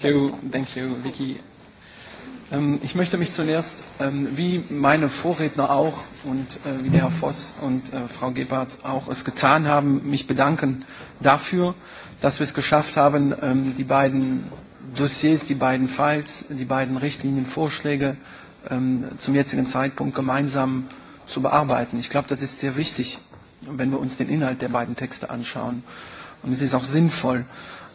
Thank you, thank you, Vicky. Ich möchte mich zunächst, wie meine Vorredner auch und wie der Herr Voss und Frau Gebhardt auch es getan haben, mich bedanken dafür, dass wir es geschafft haben, die beiden Dossiers, die beiden Files, die beiden Richtlinienvorschläge zum jetzigen Zeitpunkt gemeinsam zu bearbeiten. Ich glaube, das ist sehr wichtig, wenn wir uns den Inhalt der beiden Texte anschauen und es ist auch sinnvoll.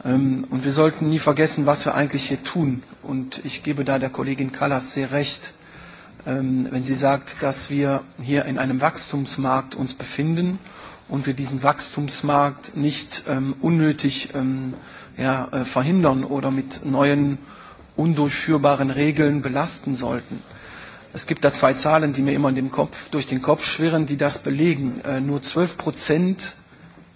Und wir sollten nie vergessen, was wir eigentlich hier tun. Und ich gebe da der Kollegin Kallas sehr recht, wenn sie sagt, dass wir hier in einem Wachstumsmarkt uns befinden und wir diesen Wachstumsmarkt nicht unnötig verhindern oder mit neuen undurchführbaren Regeln belasten sollten. Es gibt da zwei Zahlen, die mir immer Kopf durch den Kopf schwirren, die das belegen. Nur zwölf Prozent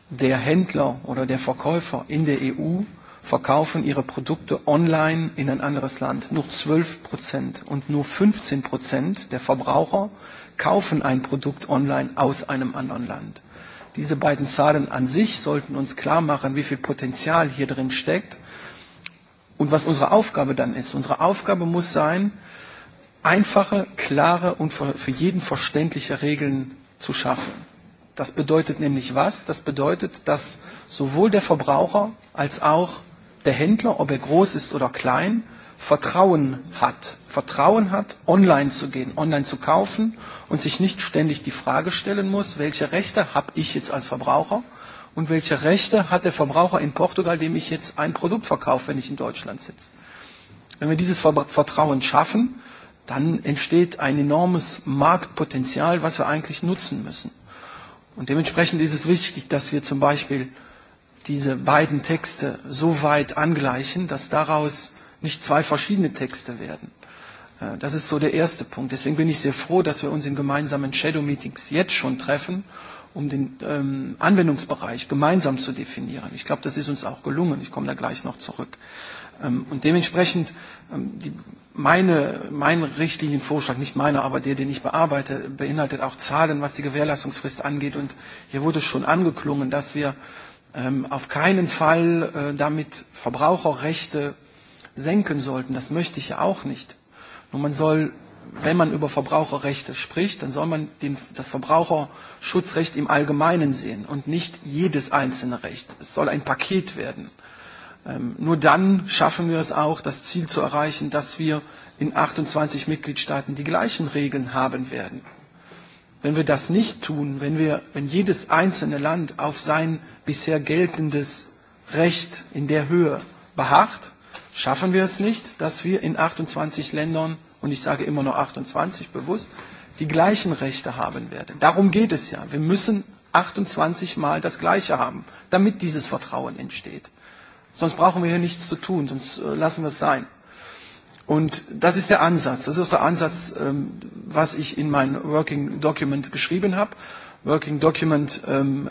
der Händler oder der Verkäufer in der EU verkaufen ihre Produkte online in ein anderes Land. Nur 12 Prozent und nur 15 Prozent der Verbraucher kaufen ein Produkt online aus einem anderen Land. Diese beiden Zahlen an sich sollten uns klar machen, wie viel Potenzial hier drin steckt und was unsere Aufgabe dann ist. Unsere Aufgabe muss sein, einfache, klare und für jeden verständliche Regeln zu schaffen. Das bedeutet nämlich was? Das bedeutet, dass sowohl der Verbraucher als auch der Händler, ob er groß ist oder klein, Vertrauen hat. Vertrauen hat, online zu gehen, online zu kaufen und sich nicht ständig die Frage stellen muss, welche Rechte habe ich jetzt als Verbraucher und welche Rechte hat der Verbraucher in Portugal, dem ich jetzt ein Produkt verkaufe, wenn ich in Deutschland sitze. Wenn wir dieses Vertrauen schaffen, dann entsteht ein enormes Marktpotenzial, was wir eigentlich nutzen müssen. Und dementsprechend ist es wichtig, dass wir zum Beispiel diese beiden Texte so weit angleichen, dass daraus nicht zwei verschiedene Texte werden. Das ist so der erste Punkt. Deswegen bin ich sehr froh, dass wir uns in gemeinsamen Shadow-Meetings jetzt schon treffen, um den Anwendungsbereich gemeinsam zu definieren. Ich glaube, das ist uns auch gelungen. Ich komme da gleich noch zurück. Und dementsprechend, die meine, mein Richtlinienvorschlag, nicht meiner, aber der, den ich bearbeite, beinhaltet auch Zahlen, was die Gewährleistungsfrist angeht. Und hier wurde schon angeklungen, dass wir auf keinen Fall damit Verbraucherrechte senken sollten. Das möchte ich ja auch nicht. Nur man soll, wenn man über Verbraucherrechte spricht, dann soll man den, das Verbraucherschutzrecht im Allgemeinen sehen und nicht jedes einzelne Recht. Es soll ein Paket werden. Nur dann schaffen wir es auch, das Ziel zu erreichen, dass wir in 28 Mitgliedstaaten die gleichen Regeln haben werden. Wenn wir das nicht tun, wenn jedes einzelne Land auf sein bisher geltendes Recht in der Höhe beharrt, schaffen wir es nicht, dass wir in 28 Ländern, und ich sage immer nur 28 bewusst, die gleichen Rechte haben werden. Darum geht es ja. Wir müssen 28 Mal das Gleiche haben, damit dieses Vertrauen entsteht. Sonst brauchen wir hier nichts zu tun, sonst lassen wir es sein. Und das ist der Ansatz. Das ist der Ansatz, was ich in mein Working Document geschrieben habe. Working Document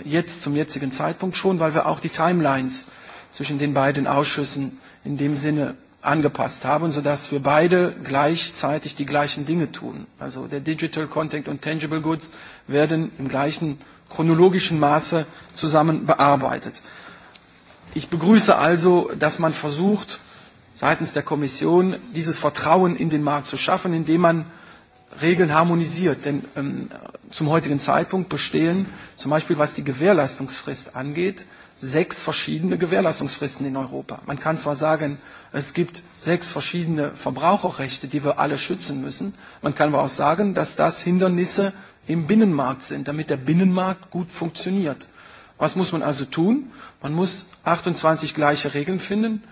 jetzt zum jetzigen Zeitpunkt schon, weil wir auch die Timelines zwischen den beiden Ausschüssen in dem Sinne angepasst haben, sodass wir beide gleichzeitig die gleichen Dinge tun. Also der Digital Content und Tangible Goods werden im gleichen chronologischen Maße zusammen bearbeitet. Ich begrüße also, dass man versucht, seitens der Kommission dieses Vertrauen in den Markt zu schaffen, indem man Regeln harmonisiert. Denn zum heutigen Zeitpunkt bestehen, zum Beispiel was die Gewährleistungsfrist angeht, sechs verschiedene Gewährleistungsfristen in Europa. Man kann zwar sagen, es gibt sechs verschiedene Verbraucherrechte, die wir alle schützen müssen. Man kann aber auch sagen, dass das Hindernisse im Binnenmarkt sind, damit der Binnenmarkt gut funktioniert. Was muss man also tun? Man muss 28 gleiche Regeln finden,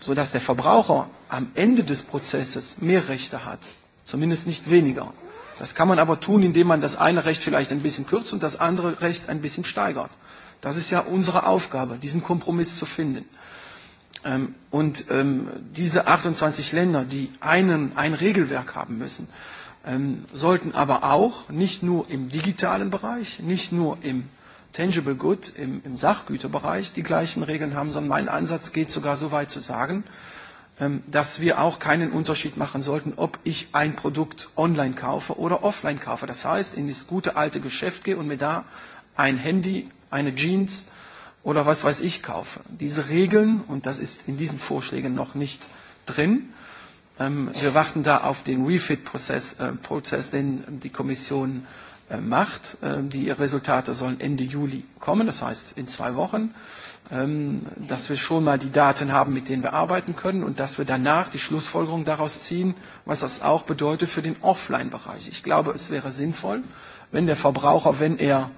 sodass der Verbraucher am Ende des Prozesses mehr Rechte hat, zumindest nicht weniger. Das kann man aber tun, indem man das eine Recht vielleicht ein bisschen kürzt und das andere Recht ein bisschen steigert. Das ist ja unsere Aufgabe, diesen Kompromiss zu finden. Und diese 28 Länder, die einen, ein Regelwerk haben müssen, sollten aber auch nicht nur im digitalen Bereich, nicht nur im Tangible Good im, Sachgüterbereich die gleichen Regeln haben, sondern mein Ansatz geht sogar so weit zu sagen, dass wir auch keinen Unterschied machen sollten, ob ich ein Produkt online kaufe oder offline kaufe. Das heißt, in das gute alte Geschäft gehe und mir da ein Handy, eine Jeans oder was weiß ich kaufe. Diese Regeln, und das ist in diesen Vorschlägen noch nicht drin, wir warten da auf den Refit-Prozess, den die Kommission macht. Die Resultate sollen Ende Juli kommen, das heißt in zwei Wochen, dass wir schon mal die Daten haben, mit denen wir arbeiten können und dass wir danach die Schlussfolgerung daraus ziehen, was das auch bedeutet für den Offline-Bereich. Ich glaube, es wäre sinnvoll, wenn der Verbraucher, wenn er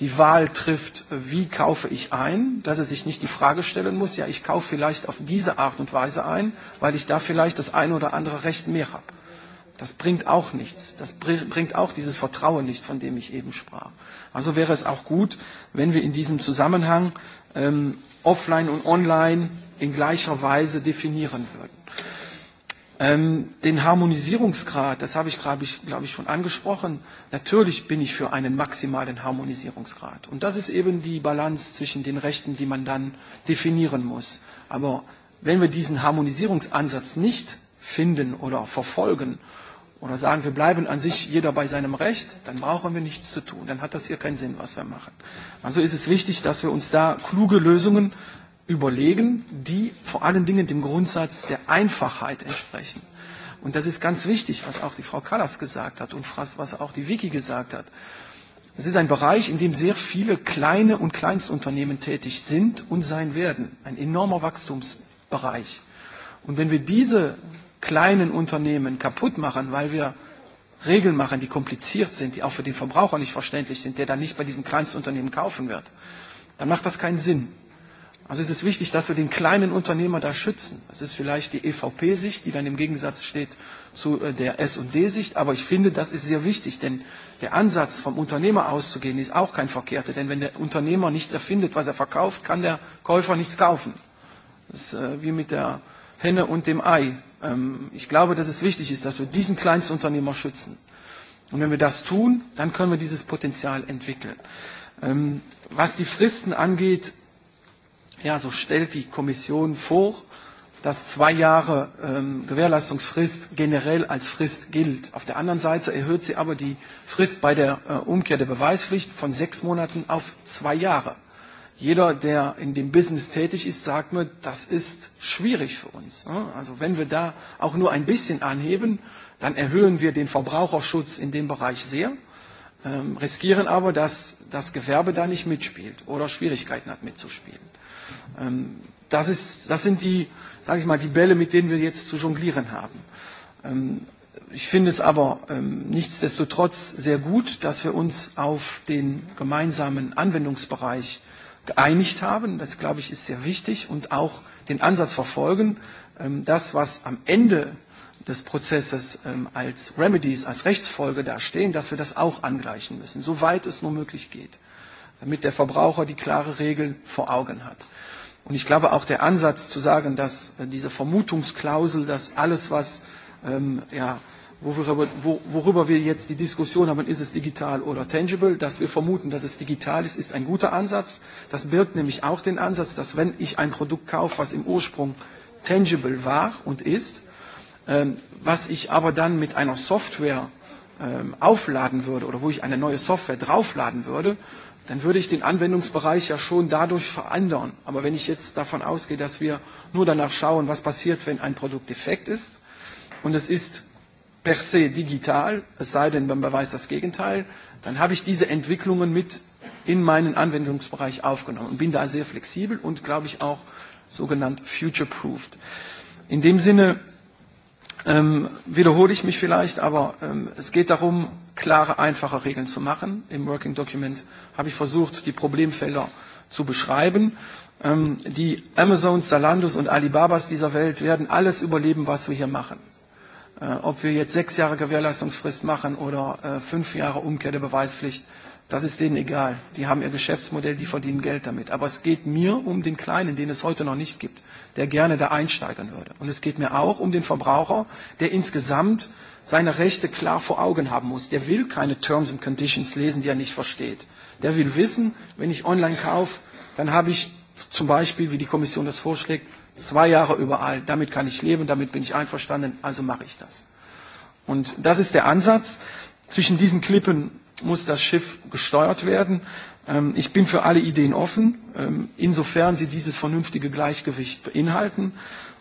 die Wahl trifft, wie kaufe ich ein, dass er sich nicht die Frage stellen muss, ja, ich kaufe vielleicht auf diese Art und Weise ein, weil ich da vielleicht das eine oder andere Recht mehr habe Das bringt auch nichts. Das bringt auch dieses Vertrauen nicht, von dem ich eben sprach. Also wäre es auch gut, wenn wir in diesem Zusammenhang offline und online in gleicher Weise definieren würden. Den Harmonisierungsgrad, das habe ich, glaube ich, schon angesprochen. Natürlich bin ich für einen maximalen Harmonisierungsgrad. Und das ist eben die Balance zwischen den Rechten, die man dann definieren muss. Aber wenn wir diesen Harmonisierungsansatz nicht finden oder verfolgen, oder sagen, wir bleiben an sich jeder bei seinem Recht, dann brauchen wir nichts zu tun. Dann hat das hier keinen Sinn, was wir machen. Also ist es wichtig, dass wir uns da kluge Lösungen überlegen, die vor allen Dingen dem Grundsatz der Einfachheit entsprechen. Und das ist ganz wichtig, was auch die Frau Kallas gesagt hat und was auch die Wiki gesagt hat. Es ist ein Bereich, in dem sehr viele kleine und Kleinstunternehmen tätig sind und sein werden. Ein enormer Wachstumsbereich. Und wenn wir diese kleinen Unternehmen kaputt machen, weil wir Regeln machen, die kompliziert sind, die auch für den Verbraucher nicht verständlich sind, der dann nicht bei diesen kleinen Unternehmen kaufen wird, dann macht das keinen Sinn. Also es ist wichtig, dass wir den kleinen Unternehmer da schützen. Das ist vielleicht die EVP-Sicht, die dann im Gegensatz steht zu der S&D-Sicht. Aber ich finde, das ist sehr wichtig, denn der Ansatz, vom Unternehmer auszugehen, ist auch kein verkehrter. Denn wenn der Unternehmer nichts erfindet, was er verkauft, kann der Käufer nichts kaufen. Das ist wie mit der Henne und dem Ei. Ich glaube, dass es wichtig ist, dass wir diesen Kleinstunternehmer schützen. Und wenn wir das tun, dann können wir dieses Potenzial entwickeln. Was die Fristen angeht, ja, so stellt die Kommission vor, dass zwei Jahre Gewährleistungsfrist generell als Frist gilt. Auf der anderen Seite erhöht sie aber die Frist bei der Umkehr der Beweispflicht von sechs Monaten auf zwei Jahre jeder, der in dem Business tätig ist, sagt mir, das ist schwierig für uns. Also wenn wir da auch nur ein bisschen anheben, dann erhöhen wir den Verbraucherschutz in dem Bereich sehr, riskieren aber, dass das Gewerbe da nicht mitspielt oder Schwierigkeiten hat mitzuspielen. Das sind die, sage ich mal, die Bälle, mit denen wir jetzt zu jonglieren haben. Ich finde es aber nichtsdestotrotz sehr gut, dass wir uns auf den gemeinsamen Anwendungsbereich geeinigt haben. Das, glaube ich, ist sehr wichtig und auch den Ansatz verfolgen, das, was am Ende des Prozesses als Remedies, als Rechtsfolge dastehen, dass wir das auch angleichen müssen, soweit es nur möglich geht, damit der Verbraucher die klare Regel vor Augen hat. Und ich glaube auch der Ansatz zu sagen, dass diese Vermutungsklausel, dass alles, was worüber wir jetzt die Diskussion haben, ist es digital oder tangible. Dass wir vermuten, dass es digital ist, ist ein guter Ansatz. Das birgt nämlich auch den Ansatz, dass wenn ich ein Produkt kaufe, was im Ursprung tangible war und ist, was ich aber dann mit einer Software aufladen würde oder wo ich eine neue Software draufladen würde, dann würde ich den Anwendungsbereich ja schon dadurch verändern. Aber wenn ich jetzt davon ausgehe, dass wir nur danach schauen, was passiert, wenn ein Produkt defekt ist, und es ist per se digital, es sei denn, man beweist das Gegenteil, dann habe ich diese Entwicklungen mit in meinen Anwendungsbereich aufgenommen und bin da sehr flexibel und, glaube ich, auch sogenannt future-proofed. In dem Sinne wiederhole ich mich vielleicht, aber es geht darum, klare, einfache Regeln zu machen. Im Working Document habe ich versucht, die Problemfelder zu beschreiben. Die Amazons, Zalandos und Alibabas dieser Welt werden alles überleben, was wir hier machen. Ob wir jetzt sechs Jahre Gewährleistungsfrist machen oder fünf Jahre Umkehr der Beweispflicht, das ist denen egal. Die haben ihr Geschäftsmodell, die verdienen Geld damit. Aber es geht mir um den Kleinen, den es heute noch nicht gibt, der gerne da einsteigen würde. Und es geht mir auch um den Verbraucher, der insgesamt seine Rechte klar vor Augen haben muss. Der will keine Terms and Conditions lesen, die er nicht versteht. Der will wissen, wenn ich online kaufe, dann habe ich zum Beispiel, wie die Kommission das vorschlägt, zwei Jahre überall, damit kann ich leben, damit bin ich einverstanden, also mache ich das. Und das ist der Ansatz. Zwischen diesen Klippen muss das Schiff gesteuert werden. Ich bin für alle Ideen offen, insofern sie dieses vernünftige Gleichgewicht beinhalten.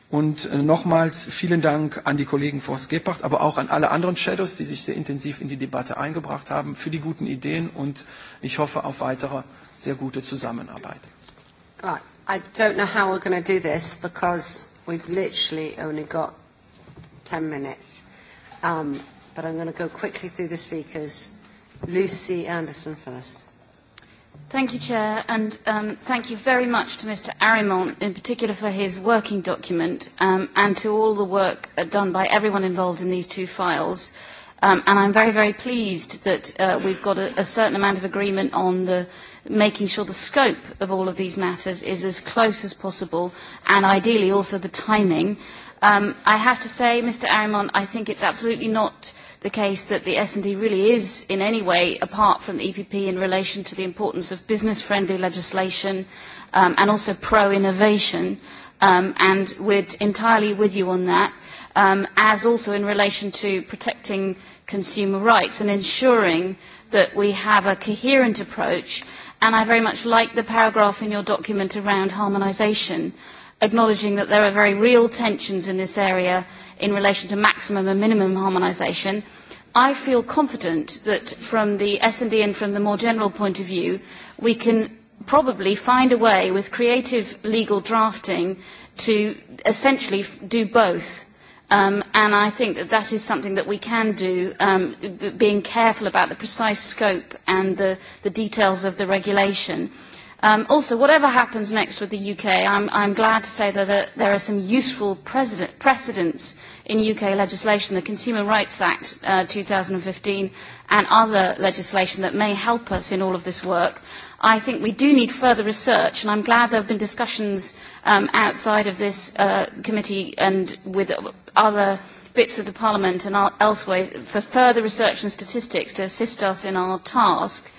Und nochmals vielen Dank an die Kollegen Forst gebhardt aber auch an alle anderen Shadows, die sich sehr intensiv in die Debatte eingebracht haben, für die guten Ideen und ich hoffe auf weitere sehr gute Zusammenarbeit. I don't know how we're going to do this because we've literally only got 10 minutes. Um, but I'm going to go quickly through the speakers. Lucy Anderson first. Thank you, Chair, and thank you very much to Mr. Arimont, in particular for his working document, and to all the work done by everyone involved in these two files. Um, and I'm very, very pleased that we've got a certain amount of agreement on the making sure the scope of all of these matters is as close as possible and ideally also the timing. I have to say, Mr. Arimont, I think it's absolutely not the case that the S&D really is in any way apart from the EPP in relation to the importance of business-friendly legislation and also pro-innovation, and we're entirely with you on that, as also in relation to protecting consumer rights and ensuring that we have a coherent approach and I very much like the paragraph in your document around harmonisation, acknowledging that there are very real tensions in this area in relation to maximum and minimum harmonisation. I feel confident that from the S&D and from the more general point of view, we can probably find a way with creative legal drafting to essentially do both And I think that that is something that we can do, being careful about the precise scope and the details of the regulation. Also, whatever happens next with the UK, I'm glad to say that there are some useful precedents in UK legislation, the Consumer Rights Act 2015 and other legislation that may help us in all of this work. I think we do need further research, and I'm glad there have been discussions outside of this committee and with other bits of the Parliament and elsewhere for further research and statistics to assist us in our task.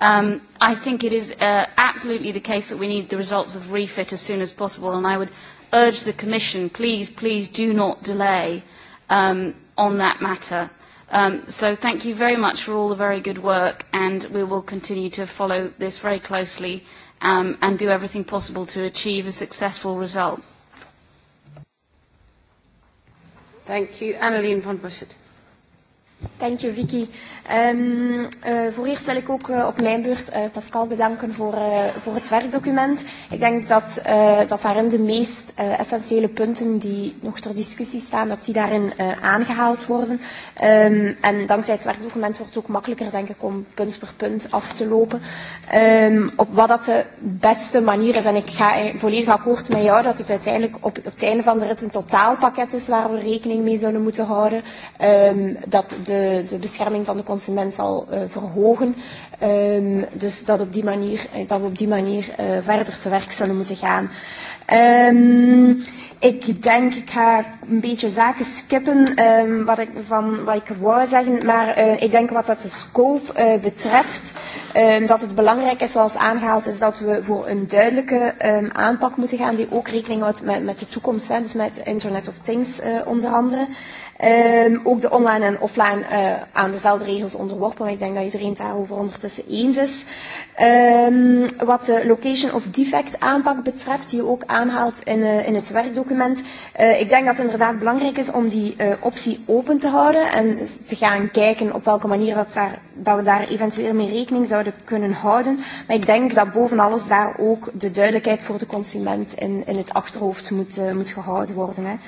I think it is absolutely the case that we need the results of refit as soon as possible, and I would urge the Commission, please, please do not delay on that matter. So thank you very much for all the very good work, and we will continue to follow this very closely and do everything possible to achieve a successful result. Thank you. Annelien von Busset. Thank you, Vicky. Voor eerst wil ik ook op mijn beurt Pascal bedanken voor het werkdocument. Ik denk dat daarin de meest essentiële punten die nog ter discussie staan, dat die daarin aangehaald worden. En dankzij het werkdocument wordt het ook makkelijker, denk ik, om punt per punt af te lopen. Op wat dat de beste manier is, en ik ga volledig akkoord met jou, dat het uiteindelijk op het einde van de rit een totaalpakket is waar we rekening mee zullen moeten houden. Dat de bescherming van de consument zal verhogen. Dus dat, op die manier, dat we op die manier verder te werk zullen moeten gaan. Ik denk, ik ga een beetje zaken skippen wat ik, van wat ik wou zeggen, maar ik denk wat dat de scope betreft, dat het belangrijk is, zoals aangehaald is, dat we voor een duidelijke aanpak moeten gaan die ook rekening houdt met, met de toekomst, dus met Internet of Things onder andere. ook de online en offline aan dezelfde regels onderworpen, maar ik denk dat iedereen het daarover ondertussen eens is. wat de location of defect aanpak betreft, die je ook aanhaalt in, in het werkdoek, document. Ik denk dat het inderdaad belangrijk is om die optie open te houden en te gaan kijken op welke manier dat we daar eventueel mee rekening zouden kunnen houden. Maar ik denk dat boven alles daar ook de duidelijkheid voor de consument in het achterhoofd moet gehouden worden.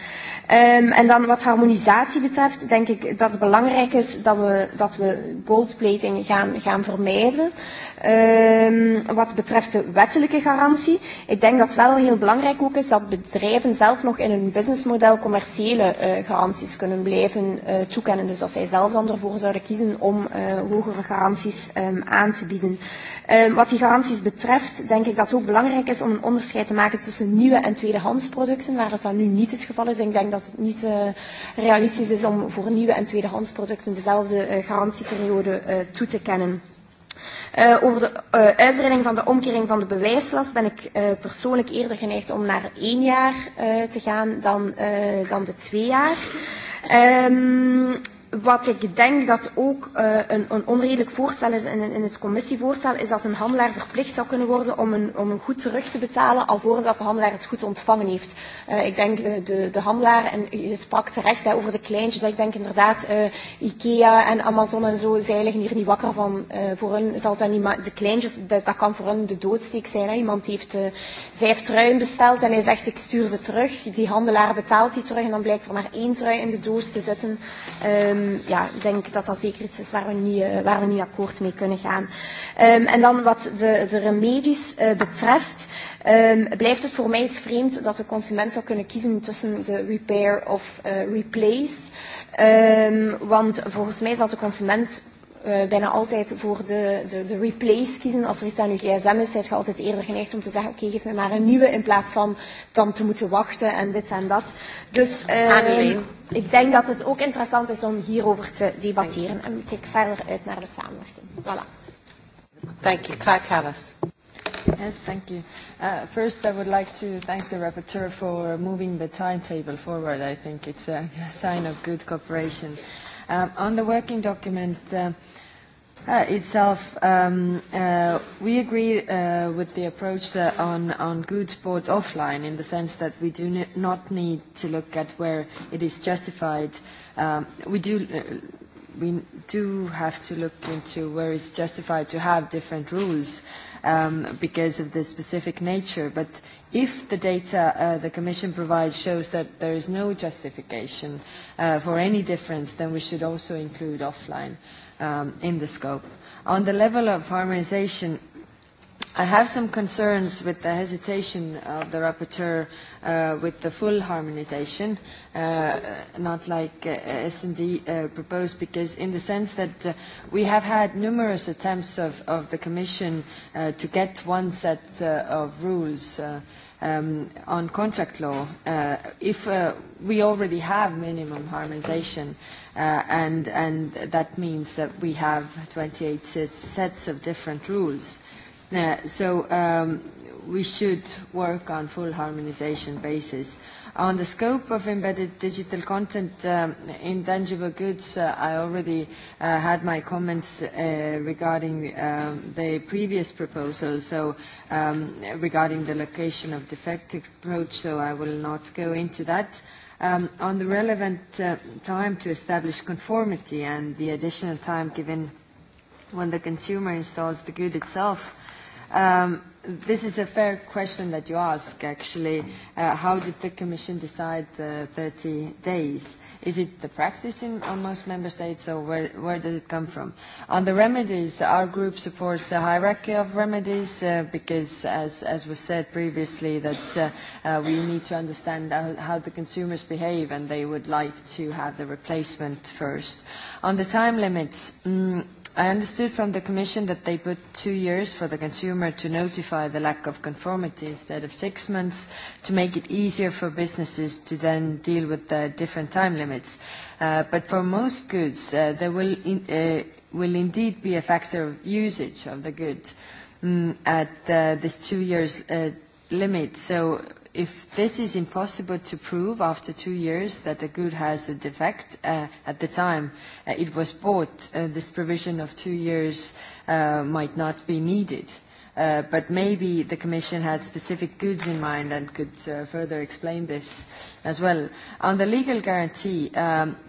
En dan wat harmonisatie betreft, denk ik dat het belangrijk is dat we, dat we goldplating gaan, gaan vermijden. wat betreft de wettelijke garantie, ik denk dat het wel heel belangrijk ook is dat bedrijven zelf zelf nog in hun businessmodel commerciële garanties kunnen blijven toekennen. Dus dat zij zelf dan ervoor zouden kiezen om hogere garanties aan te bieden. Wat die garanties betreft, denk ik dat het ook belangrijk is om een onderscheid te maken tussen nieuwe en tweedehands producten, waar dat dan nu niet het geval is. Ik denk dat het niet realistisch is om voor nieuwe en tweedehands producten dezelfde garantieperiode toe te kennen over de uitbreiding van de omkering van de bewijslast ben ik persoonlijk eerder geneigd om naar één jaar te gaan dan, dan de twee jaar. Um, Wat ik denk dat ook een onredelijk voorstel is in het commissievoorstel, is dat een handelaar verplicht zou kunnen worden om een goed terug te betalen, alvorens dat de handelaar het goed ontvangen heeft. Ik denk de handelaar, en je sprak terecht over de kleintjes, ik denk inderdaad Ikea en Amazon en zo, zij liggen hier niet wakker van. Voor hun zal dat niet, de kleintjes, dat kan voor hun de doodsteek zijn. Iemand heeft vijf truien besteld en hij zegt ik stuur ze terug. Die handelaar betaalt die terug en dan blijkt er maar één trui in de doos te zitten ja, ik denk dat dat zeker iets is waar we niet, waar niet akkoord mee kunnen gaan. en dan wat de, de remedies betreft, blijft het voor mij iets vreemd dat de consument zou kunnen kiezen tussen de repair of replace. want volgens mij zal de consument bijna altijd voor de, de, de replace kiezen. Als er iets aan uw gsm is, je altijd eerder geneigd om te zeggen, oké, geef me maar een nieuwe, in plaats van dan te moeten wachten en dit en dat. Dus ik denk dat het ook interessant is om hierover te debatteren. En ik kijk verder uit naar de samenwerking. Voilà. Thank you. Yes, thank you. First, I would like to thank the rapporteur for moving the timetable forward. I think it's a sign of good cooperation. On the working document itself, we agree with the approach on goods bought offline in the sense that we do not need to look at where it is justified. We do we do have to look into where it's justified to have different rules because of the specific nature, but If the data the Commission provides shows that there is no justification for any difference, then we should also include offline in the scope. On the level of harmonisation, I have some concerns with the hesitation of the rapporteur with the full harmonisation, not like S&D proposed, because in the sense that we have had numerous attempts of the Commission to get one set of rules on contract law, if we already have minimum harmonization, and that means that we have 28 sets of different rules. So we should work on full harmonization basis On the scope of embedded digital content in tangible goods, I already had my comments regarding the previous proposal, so regarding the location of defective approach, so I will not go into that. On the relevant time to establish conformity and the additional time given when the consumer installs the good itself, This is a fair question that you ask, actually. How did the Commission decide the 30 days? Is it the practice in most member states, or where did it come from? On the remedies, our group supports the hierarchy of remedies because, as as was said previously, that we need to understand how the consumers behave, and they would like to have the replacement first. On the time limits, I understood from the Commission that they put two years for the consumer to notify the lack of conformity instead of six months to make it easier for businesses to then deal with the different time limits. But for most goods, there will indeed be a factor of usage of the good at this two years limit. So if this is impossible to prove after two years that the good has a defect at the time it was bought, this provision of two years might not be needed. But maybe the Commission had specific goods in mind and could further explain this as well. On the legal guarantee,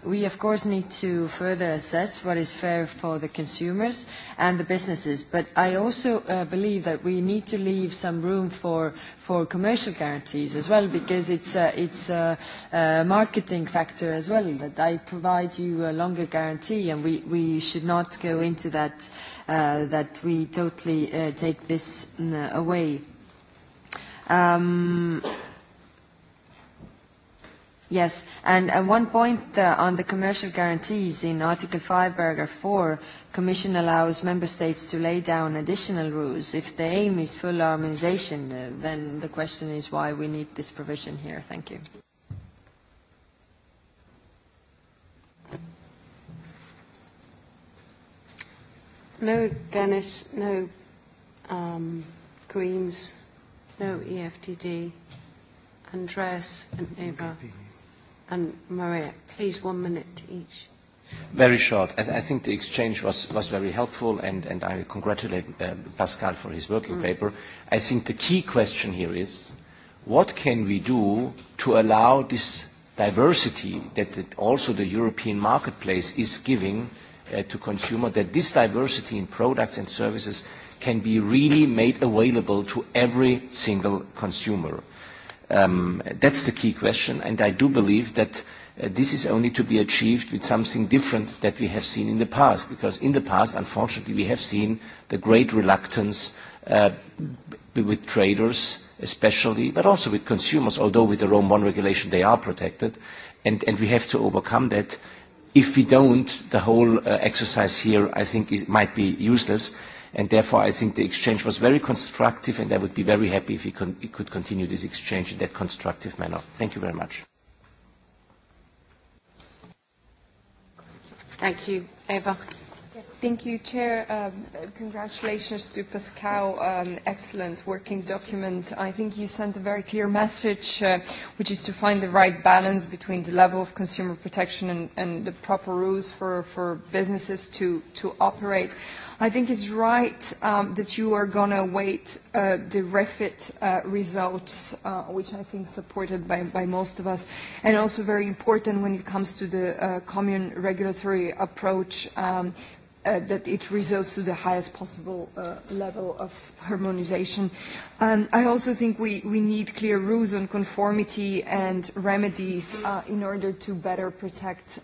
we of course need to further assess what is fair for the consumers and the businesses. But I also believe that we need to leave some room for for commercial guarantees as well, because it's it's a marketing factor as well. That I provide you a longer guarantee, and we we should not go into that that we totally take this away. Yes, and one point on the commercial guarantees in Article 5, Paragraph 4, Commission allows member states to lay down additional rules. If the aim is full harmonisation, then the question is why we need this provision here. Thank you. No Dennis, no um, Greens, no EFTD, Andreas and Eva and Maria. Please, one minute each. Very short. I think the exchange was was very helpful, and and I congratulate Pascal for his working paper. I think the key question here is, what can we do to allow this diversity that also the European marketplace is giving to consumer, that this diversity in products and services can be really made available to every single consumer. That's the key question, and I do believe that this is only to be achieved with something different that we have seen in the past, because in the past, unfortunately, we have seen the great reluctance with traders especially, but also with consumers, although with the Rome I regulation they are protected, and we have to overcome that If we don't, the whole exercise here, I think, it might be useless, and therefore I think the exchange was very constructive, and I would be very happy if we could continue this exchange in that constructive manner. Thank you very much. Thank you, Eva. Thank you, Chair. Congratulations to Pascal. Excellent working document. I think you sent a very clear message, which is to find the right balance between the level of consumer protection and the proper rules for for businesses to to operate. I think it's right that you are going to wait the refit results, which I think supported by most of us, and also very important when it comes to the common regulatory approach that it results to the highest possible level of harmonization. I also think we need clear rules on conformity and remedies in order to better protect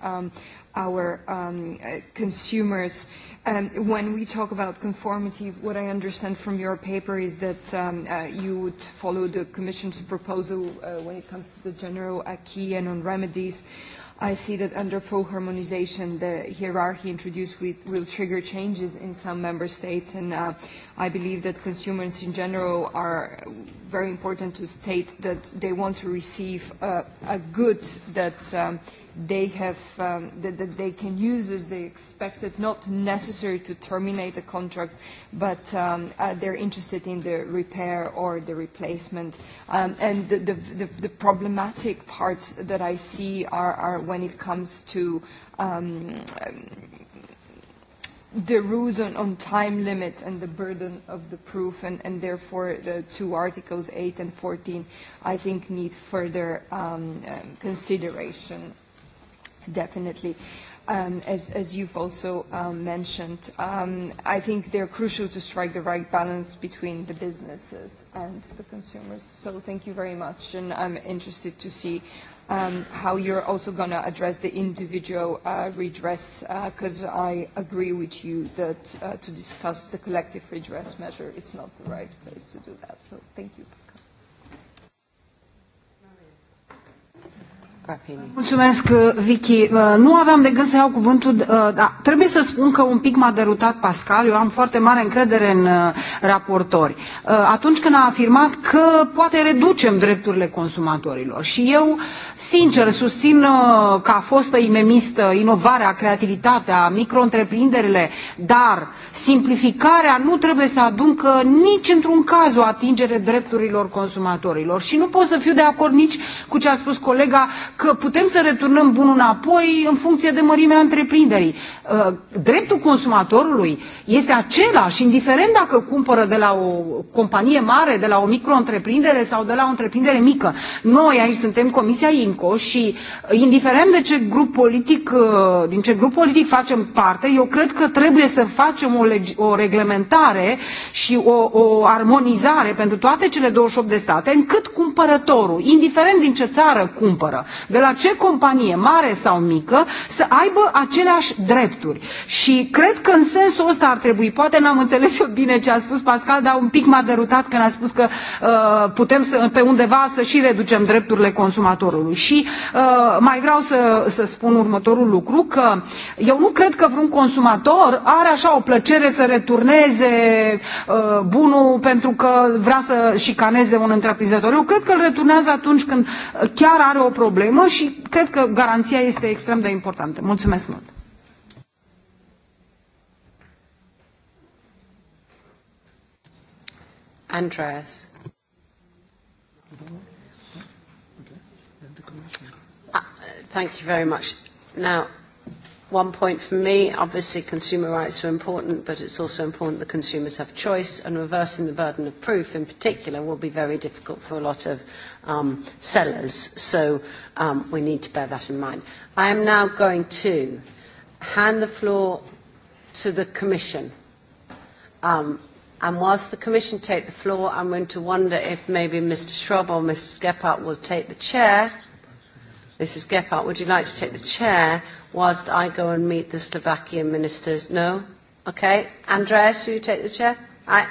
our consumers. When we talk about conformity, what I understand from your paper is that you would follow the Commission's proposal when it comes to the general acquis and on remedies. I see that under full harmonization, the hierarchy introduced will trigger changes in some member states, and I believe that consumers in general are very important to state that they want to receive a good that they have that they can use as they expected, not necessary to terminate the contract, but they're interested in the repair or the replacement. And the problematic parts that I see are when it comes to the rules on time limits and the burden of the proof, and therefore the two articles, 8 and 14, I think need further consideration definitely as you've also mentioned. I think they're crucial to strike the right balance between the businesses and the consumers. So thank you very much, and I'm interested to see how you're also going to address the individual redress, because I agree with you that to discuss the collective redress measure, it's not the right place to do that. So thank you. Mulțumesc, Vicky. Nu aveam de gând să iau cuvântul, dar trebuie să spun că un pic m-a derutat Pascal. Eu am foarte mare încredere în raportori. Atunci când a afirmat că poate reducem drepturile consumatorilor și eu, sincer, susțin ca a fost imemistă inovarea, creativitatea, micro dar simplificarea nu trebuie să aduncă nici într-un caz o atingere drepturilor consumatorilor. Și nu pot să fiu de acord nici cu ce a spus colega că putem să returnăm bunul înapoi în funcție de mărimea întreprinderii. Dreptul consumatorului este același, indiferent dacă cumpără de la o companie mare, de la o micro-întreprindere sau de la o întreprindere mică. Noi aici suntem Comisia Inco și indiferent de ce grup politic, din ce grup politic facem parte, eu cred că trebuie să facem o, o reglementare și o, o armonizare pentru toate cele 28 de state, încât cumpărătorul, indiferent din ce țară cumpără, de la ce companie, mare sau mică, să aibă aceleași drepturi. Și cred că în sensul ăsta ar trebui, poate n-am înțeles eu bine ce a spus Pascal, dar un pic m-a derutat când a spus că uh, putem să, pe undeva să și reducem drepturile consumatorului. Și uh, mai vreau să, să spun următorul lucru, că eu nu cred că vreun consumator are așa o plăcere să returneze uh, bunul pentru că vrea să șicaneze un întreprinzător. Eu cred că îl returnează atunci când chiar are o problemă problemă și cred că garanția este extrem de importantă. Mulțumesc mult! Andreas. Thank you very much. Now, One point for me, obviously consumer rights are important, but it's also important that consumers have choice, and reversing the burden of proof in particular will be very difficult for a lot of sellers, so we need to bear that in mind. I am now going to hand the floor to the Commission. And whilst the Commission take the floor, I'm going to wonder if maybe Mr. Schrob or Mrs. Gephardt will take the chair. Mrs. Gephardt, would you like to take the chair? whilst I go and meet the Slovakian ministers. No? Okay. Andreas, will you take the chair? I,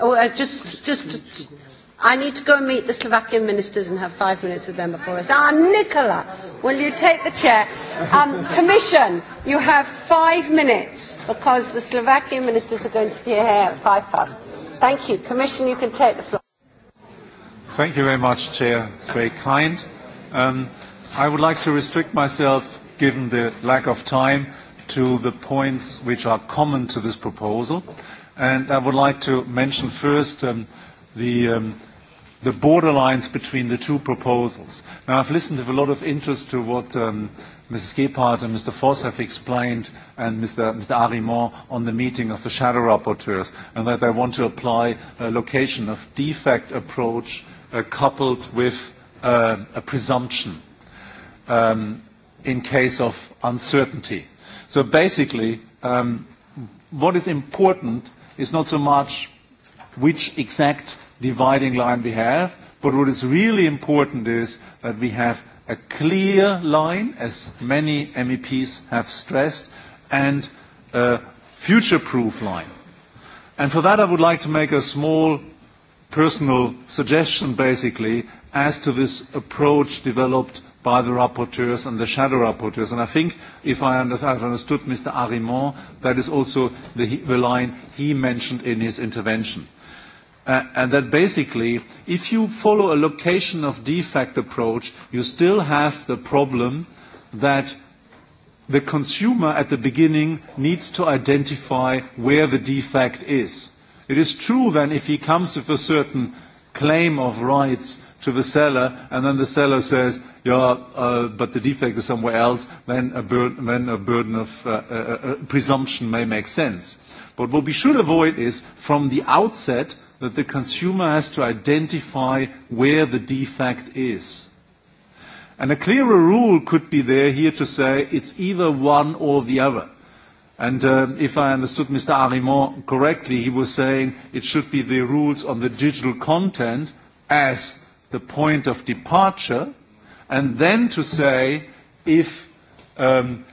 oh, just, just, I need to go and meet the Slovakian ministers and have five minutes with them before us. Ah, Nicola, will you take the chair? Um, Commission, you have five minutes because the Slovakian ministers are going to be here at five past. Thank you. Commission, you can take the floor. Thank you very much, Chair. It's very kind. Um, I would like to restrict myself given the lack of time, to the points which are common to this proposal. And I would like to mention first the the borderlines between the two proposals. Now, I've listened with a lot of interest to what Mrs. Gephardt and Mr. Foss have explained and Mr. Arimont on the meeting of the shadow rapporteurs, and that they want to apply a location of defect approach coupled with a presumption in case of uncertainty. So basically, what is important is not so much which exact dividing line we have, but what is really important is that we have a clear line, as many MEPs have stressed, and a future-proof line. And for that, I would like to make a small personal suggestion, basically, as to this approach developed by the rapporteurs and the shadow rapporteurs. And I think, if I understood Mr. Arimont, that is also the line he mentioned in his intervention. And that basically, if you follow a location of defect approach, you still have the problem that the consumer at the beginning needs to identify where the defect is. It is true then if he comes with a certain claim of rights to the seller, and then the seller says, yeah, but the defect is somewhere else, then a burden of presumption may make sense. But what we should avoid is, from the outset, that the consumer has to identify where the defect is. And a clearer rule could be there here to say it's either one or the other. And if I understood Mr. Arimont correctly, he was saying it should be the rules on the digital content as the point of departure and then to say if the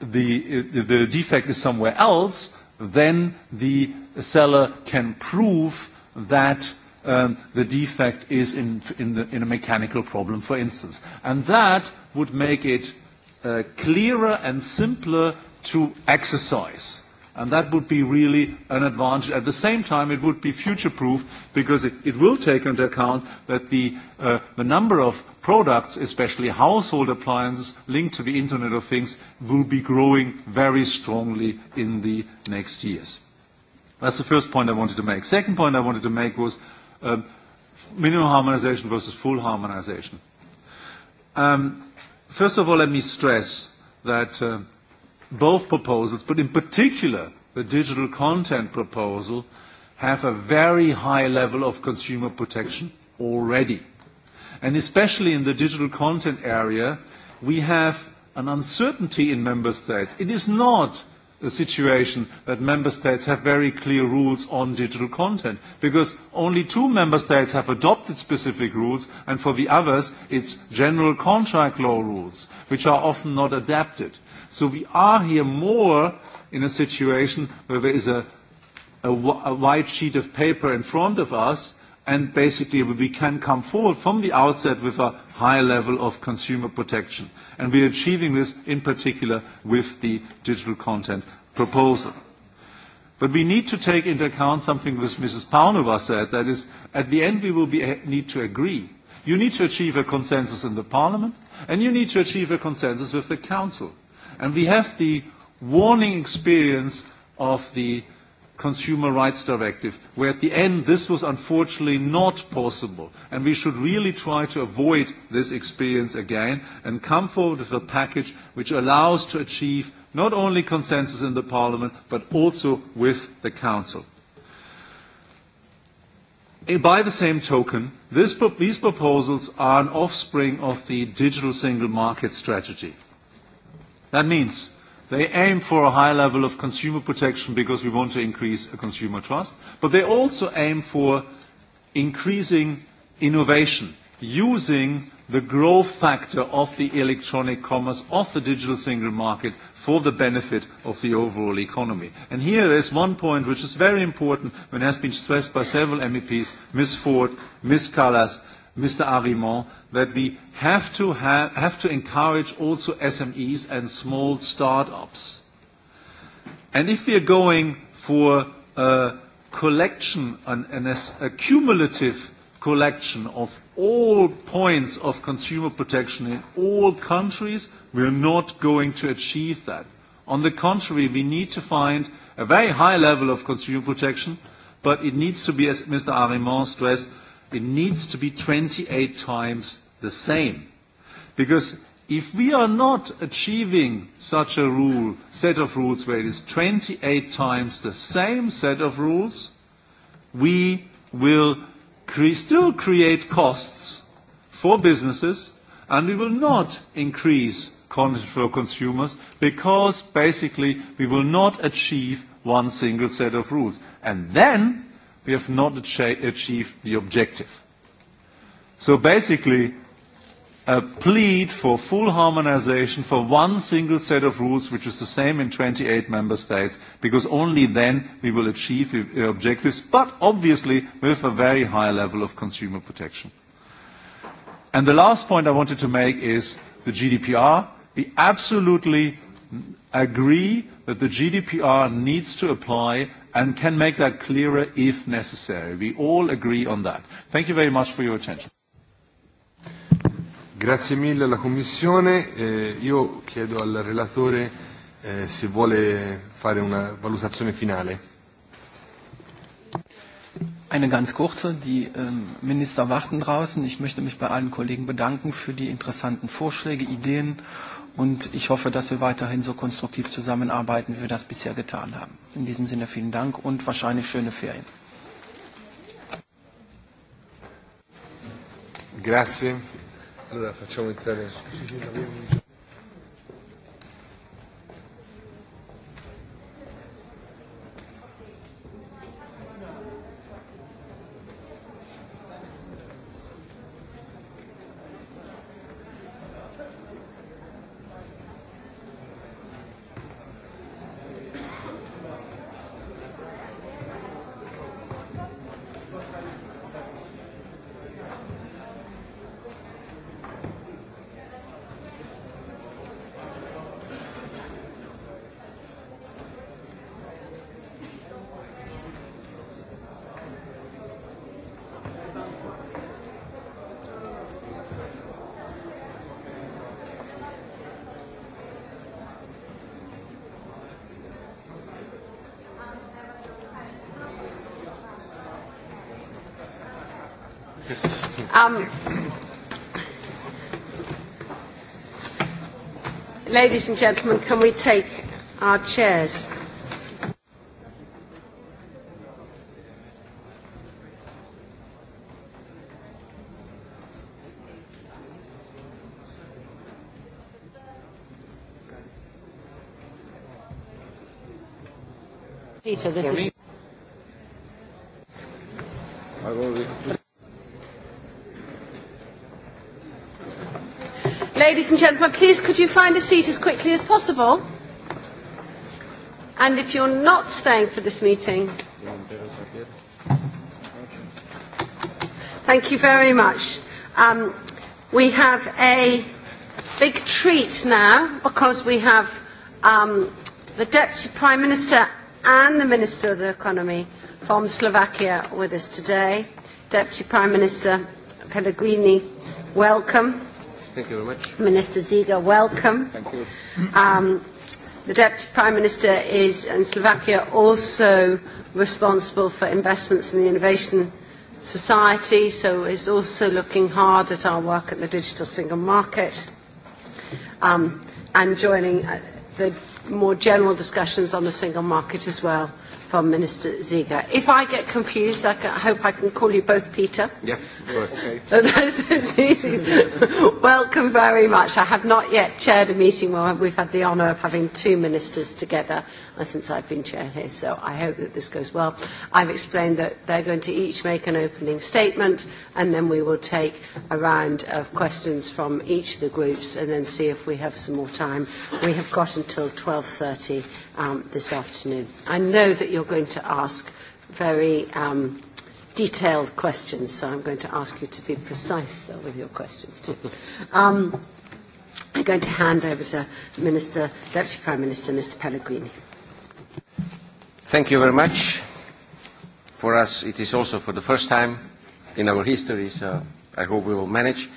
the defect is somewhere else then the seller can prove that the defect is in in a mechanical problem for instance and that would make it clearer and simpler to exercise and that would be really an advantage. At the same time, it would be future-proof because it will take into account that the number of products, especially household appliances linked to the Internet of Things, will be growing very strongly in the next years. That's the first point I wanted to make. Second point I wanted to make was minimum harmonization versus full harmonization. First of all, let me stress that both proposals, but in particular the digital content proposal, have a very high level of consumer protection already. And especially in the digital content area, we have an uncertainty in member states. It is not the situation that member states have very clear rules on digital content because only two member states have adopted specific rules and for the others it's general contract law rules which are often not adapted. So we are here more in a situation where there is a white sheet of paper in front of us and basically we can come forward from the outset with a high level of consumer protection. And we are achieving this in particular with the digital content proposal. But we need to take into account something which Mrs. Paunova said, that is, at the end we will need to agree. You need to achieve a consensus in the Parliament, and you need to achieve a consensus with the Council. And we have the warning experience of the Consumer Rights Directive, where at the end this was unfortunately not possible. And we should really try to avoid this experience again and come forward with a package which allows to achieve not only consensus in the Parliament, but also with the Council. By the same token, these proposals are an offspring of the digital single market strategy. That means they aim for a high level of consumer protection because we want to increase consumer trust, but they also aim for increasing innovation, using the growth factor of the electronic commerce, of the digital single market, for the benefit of the overall economy. And here is one point which is very important and has been stressed by several MEPs, Ms. Ford, Ms. Callas, Mr. Arimont, that we have to have to encourage also SMEs and small startups. And if we are going for a collection, a cumulative collection of all points of consumer protection in all countries, we are not going to achieve that. On the contrary, we need to find a very high level of consumer protection, but it needs to be, as Mr. Arimont stressed, it needs to be 28 times the same. Because if we are not achieving such a rule, set of rules where it is 28 times the same set of rules, we will still create costs for businesses and we will not increase costs for consumers because basically we will not achieve one single set of rules. And then we have not achieved the objective. So basically, a plea for full harmonization for one single set of rules, which is the same in 28 member states, because only then we will achieve the objectives, but obviously with a very high level of consumer protection. And the last point I wanted to make is the GDPR. We absolutely agree that the GDPR needs to apply and can make that clearer if necessary. We all agree on that. Thank you very much for your attention. Grazie mille alla Commissione. Eh, io chiedo al relatore eh, se vuole fare una valutazione finale. Eine ganz kurze. Die Minister warten draußen. Ich möchte mich bei allen Kollegen bedanken für die interessanten Vorschläge, Ideen Und ich hoffe, dass wir weiterhin so konstruktiv zusammenarbeiten, wie wir das bisher getan haben. In diesem Sinne vielen Dank und wahrscheinlich schöne Ferien. Grazie. Allora Ladies and gentlemen, can we take our chairs? Peter, this is and gentlemen, please could you find a seat as quickly as possible? And if you're not staying for this meeting, thank you very much. Um, we have a big treat now because we have um, the Deputy Prime Minister and the Minister of the Economy from Slovakia with us today. Deputy Prime Minister Pellegrini, welcome. Thank you very much. Minister Ziga, welcome. Thank you. Um, the Deputy Prime Minister is in Slovakia also responsible for investments in the Innovation Society, so is also looking hard at our work at the digital single market um, and joining the more general discussions on the single market as well from Minister Ziga. If I get confused, I, can, I hope I can call you both Peter. Yes, of course. it's easy. Welcome very much. I have not yet chaired a meeting where we've had the honour of having two ministers together since I've been chair here, so I hope that this goes well. I've explained that they're going to each make an opening statement, and then we will take a round of questions from each of the groups and then see if we have some more time. We have got until 12.30 um, this afternoon. I know that you're you're going to ask very um, detailed questions, so I'm going to ask you to be precise, with your questions, too. Um, I'm going to hand over to Minister, Deputy Prime Minister, Mr. Pellegrini. Thank you very much. For us, it is also for the first time in our history, so I hope we will manage.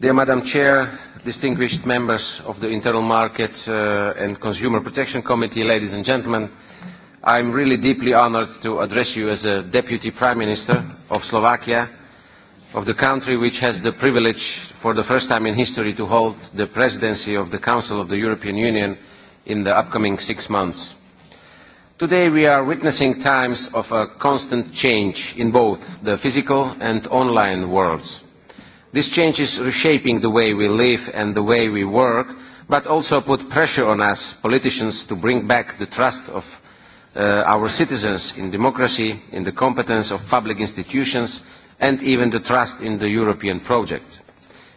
Dear Madam Chair, distinguished members of the Internal Market and Consumer Protection Committee, ladies and gentlemen, I am really deeply honoured to address you as a Deputy Prime Minister of Slovakia, of the country which has the privilege for the first time in history to hold the presidency of the Council of the European Union in the upcoming six months. Today we are witnessing times of a constant change in both the physical and online worlds. This change is reshaping the way we live and the way we work, but also put pressure on us politicians to bring back the trust of our citizens in democracy, in the competence of public institutions and even the trust in the European project.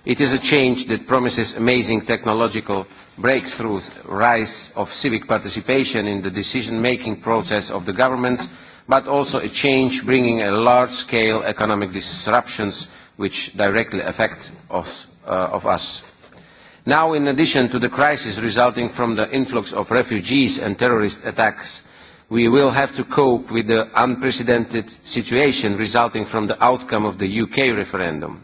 It is a change that promises amazing technological breakthroughs, rise of civic participation in the decision-making process of the governments, but also a change bringing a large-scale economic disruptions which directly affect us. Now, in addition to the crisis resulting from the influx of refugees and terrorist attacks, we will have to cope with the unprecedented situation resulting from the outcome of the UK referendum.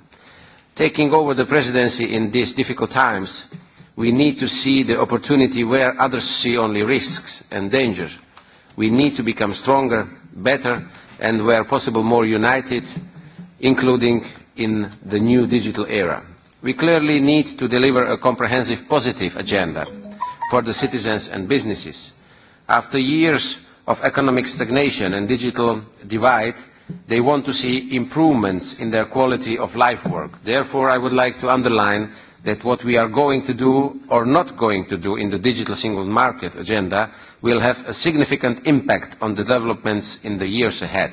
Taking over the presidency in these difficult times, we need to see the opportunity where others see only risks and danger. We need to become stronger, better, and where possible more united, including in the new digital era. We clearly need to deliver a comprehensive positive agenda for the citizens and businesses. After years of economic stagnation and digital divide, they want to see improvements in their quality of life work. Therefore, I would like to underline that what we are going to do or not going to do in the digital single market agenda will have a significant impact on the developments in the years ahead.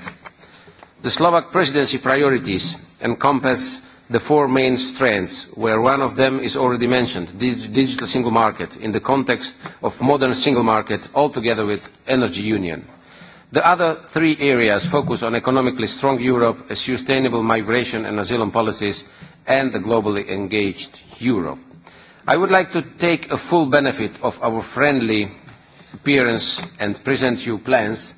The Slovak presidency priorities encompass the four main strands, where one of them is already mentioned, the digital single market, in the context of modern single market, altogether with energy union. The other three areas focus on economically strong Europe, a sustainable migration and asylum policies, and the globally engaged Europe. I would like to take a full benefit of our friendly appearance and present you plans,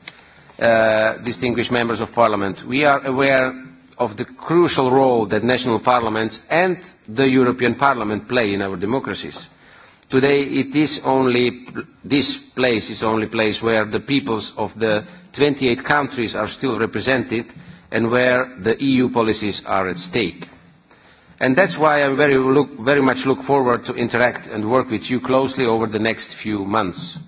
distinguished members of parliament. We are aware of the crucial role that national parliaments and the European Parliament play in our democracies. Today, this place is the only place where the peoples of the 28 countries are still represented and where the EU policies are at stake. And that's why I very, very much look forward to interact and work with you closely over the next few months.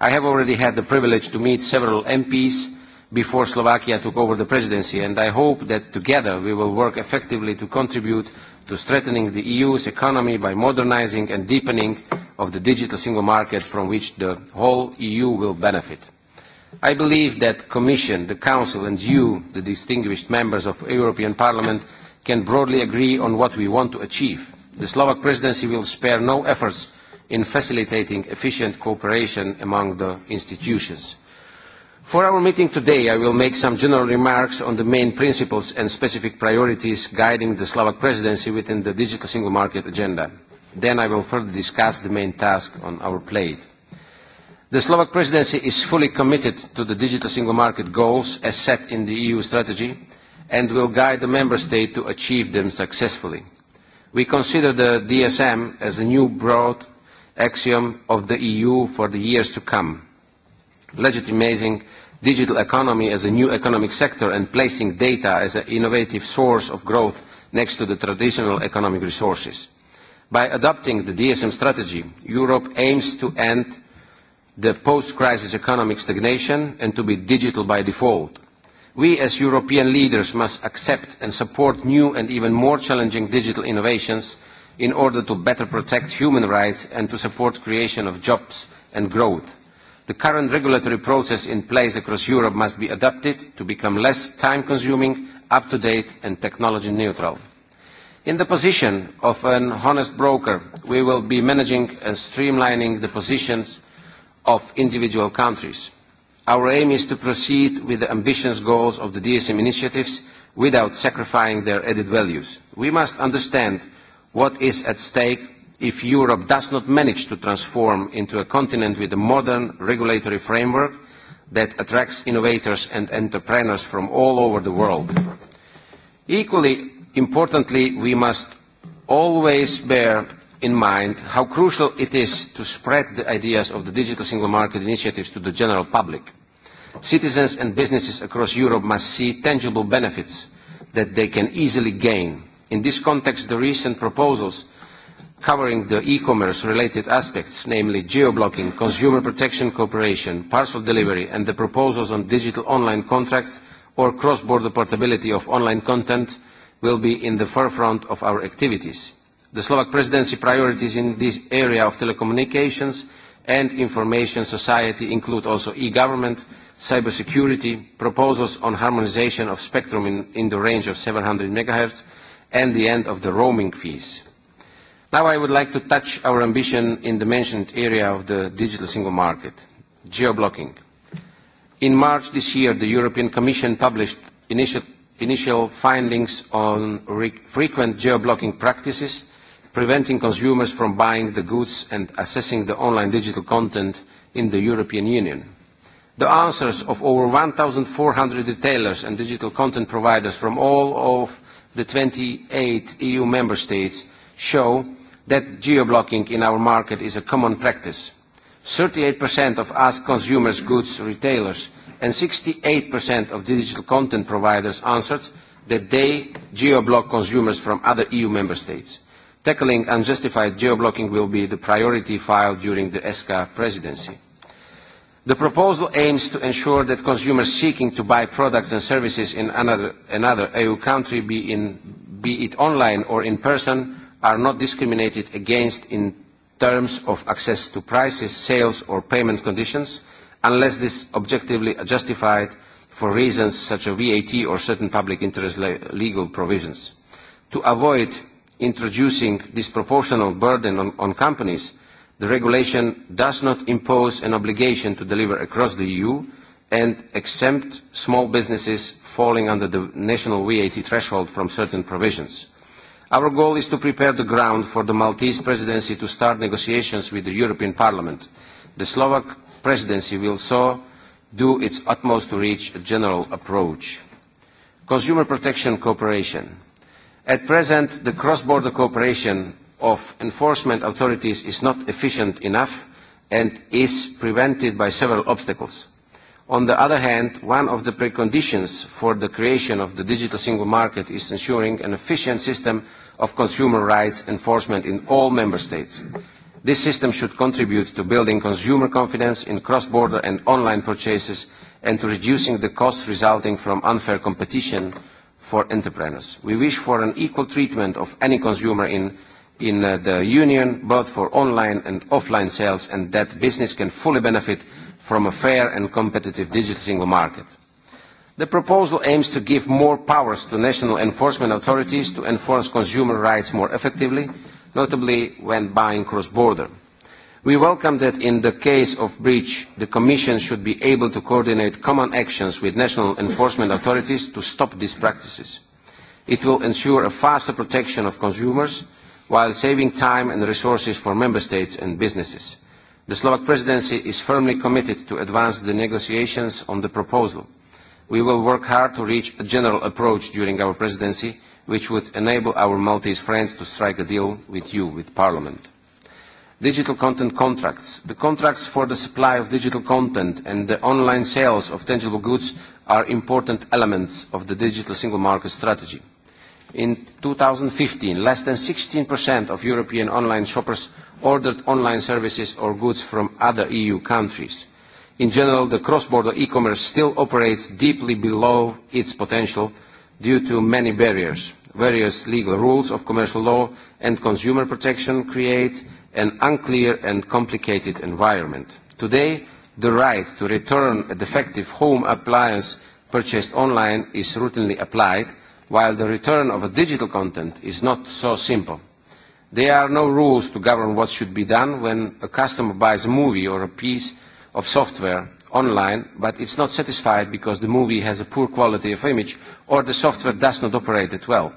I have already had the privilege to meet several MPs before Slovakia took over the presidency, and I hope that together we will work effectively to contribute to strengthening the EU's economy by modernizing and deepening of the digital single market from which the whole EU will benefit. I believe that the Commission, the Council and you, the distinguished members of the European Parliament, can broadly agree on what we want to achieve. The Slovak Presidency will spare no efforts in facilitating efficient cooperation among the institutions. For our meeting today, I will make some general remarks on the main principles and specific priorities guiding the Slovak presidency within the digital single market agenda. Then I will further discuss the main task on our plate. The Slovak presidency is fully committed to the digital single market goals as set in the EU strategy and will guide the member state to achieve them successfully. We consider the DSM as the new broad axiom of the EU for the years to come, legitimizing digital economy as a new economic sector and placing data as an innovative source of growth next to the traditional economic resources. By adopting the DSM strategy, Europe aims to end the post-crisis economic stagnation and to be digital by default. We as European leaders must accept and support new and even more challenging digital innovations in order to better protect human rights and to support creation of jobs and growth the current regulatory process in place across Europe must be adapted to become less time-consuming, up-to-date and technology-neutral. In the position of an honest broker, we will be managing and streamlining the positions of individual countries. Our aim is to proceed with the ambitious goals of the DSM initiatives without sacrificing their added values. We must understand what is at stake if Europe does not manage to transform into a continent with a modern regulatory framework that attracts innovators and entrepreneurs from all over the world. Equally importantly, we must always bear in mind how crucial it is to spread the ideas of the digital single market initiatives to the general public. Citizens and businesses across Europe must see tangible benefits that they can easily gain. In this context, the recent proposals covering the e-commerce related aspects, namely geo-blocking, consumer protection cooperation, parcel delivery, and the proposals on digital online contracts or cross-border portability of online content, will be in the forefront of our activities. The Slovak presidency priorities in this area of telecommunications and information society include also e-government, cybersecurity, proposals on harmonisation of spectrum in the range of 700 MHz, and the end of the roaming fees. Now I would like to touch our ambition in the mentioned area of the digital single market, geo-blocking. In March this year, the European Commission published initial findings on frequent geo-blocking practices, preventing consumers from buying the goods and assessing the online digital content in the European Union. The answers of over 1,400 retailers and digital content providers from all of the 28 EU member states show that geo-blocking in our market is a common practice. 38% of asked consumers goods retailers and 68% of digital content providers answered that they geo-block consumers from other EU member states. Tackling unjustified geo-blocking will be the priority file during the ESCA presidency. The proposal aims to ensure that consumers seeking to buy products and services in another EU country, be it online or in person, are not discriminated against in terms of access to prices, sales or payment conditions unless this is objectively justified for reasons such as VAT or certain public interest legal provisions. To avoid introducing disproportional burden on companies, the regulation does not impose an obligation to deliver across the EU and exempt small businesses falling under the national VAT threshold from certain provisions. Our goal is to prepare the ground for the Maltese presidency to start negotiations with the European Parliament. The Slovak presidency will so do its utmost to reach a general approach. Consumer protection cooperation. At present, the cross-border cooperation of enforcement authorities is not efficient enough and is prevented by several obstacles. On the other hand, one of the preconditions for the creation of the digital single market is ensuring an efficient system of consumer rights enforcement in all member states. This system should contribute to building consumer confidence in cross-border and online purchases and to reducing the costs resulting from unfair competition for entrepreneurs. We wish for an equal treatment of any consumer in the Union, both for online and offline sales, and that business can fully benefit from a fair and competitive digital single market. The proposal aims to give more powers to national enforcement authorities to enforce consumer rights more effectively, notably when buying cross-border. We welcome that in the case of breach, the Commission should be able to coordinate common actions with national enforcement authorities to stop these practices. It will ensure a faster protection of consumers while saving time and resources for member states and businesses. The Slovak presidency is firmly committed to advance the negotiations on the proposal. We will work hard to reach a general approach during our presidency, which would enable our Maltese friends to strike a deal with you, with Parliament. Digital content contracts. The contracts for the supply of digital content and the online sales of tangible goods are important elements of the digital single market strategy. In 2015, less than 16% of European online shoppers ordered online services or goods from other EU countries. In general, the cross-border e-commerce still operates deeply below its potential due to many barriers. Various legal rules of commercial law and consumer protection create an unclear and complicated environment. Today, the right to return a defective home appliance purchased online is routinely applied, while the return of a digital content is not so simple. There are no rules to govern what should be done when a customer buys a movie or a piece of software online, but it's not satisfied because the movie has a poor quality of image or the software does not operate it well.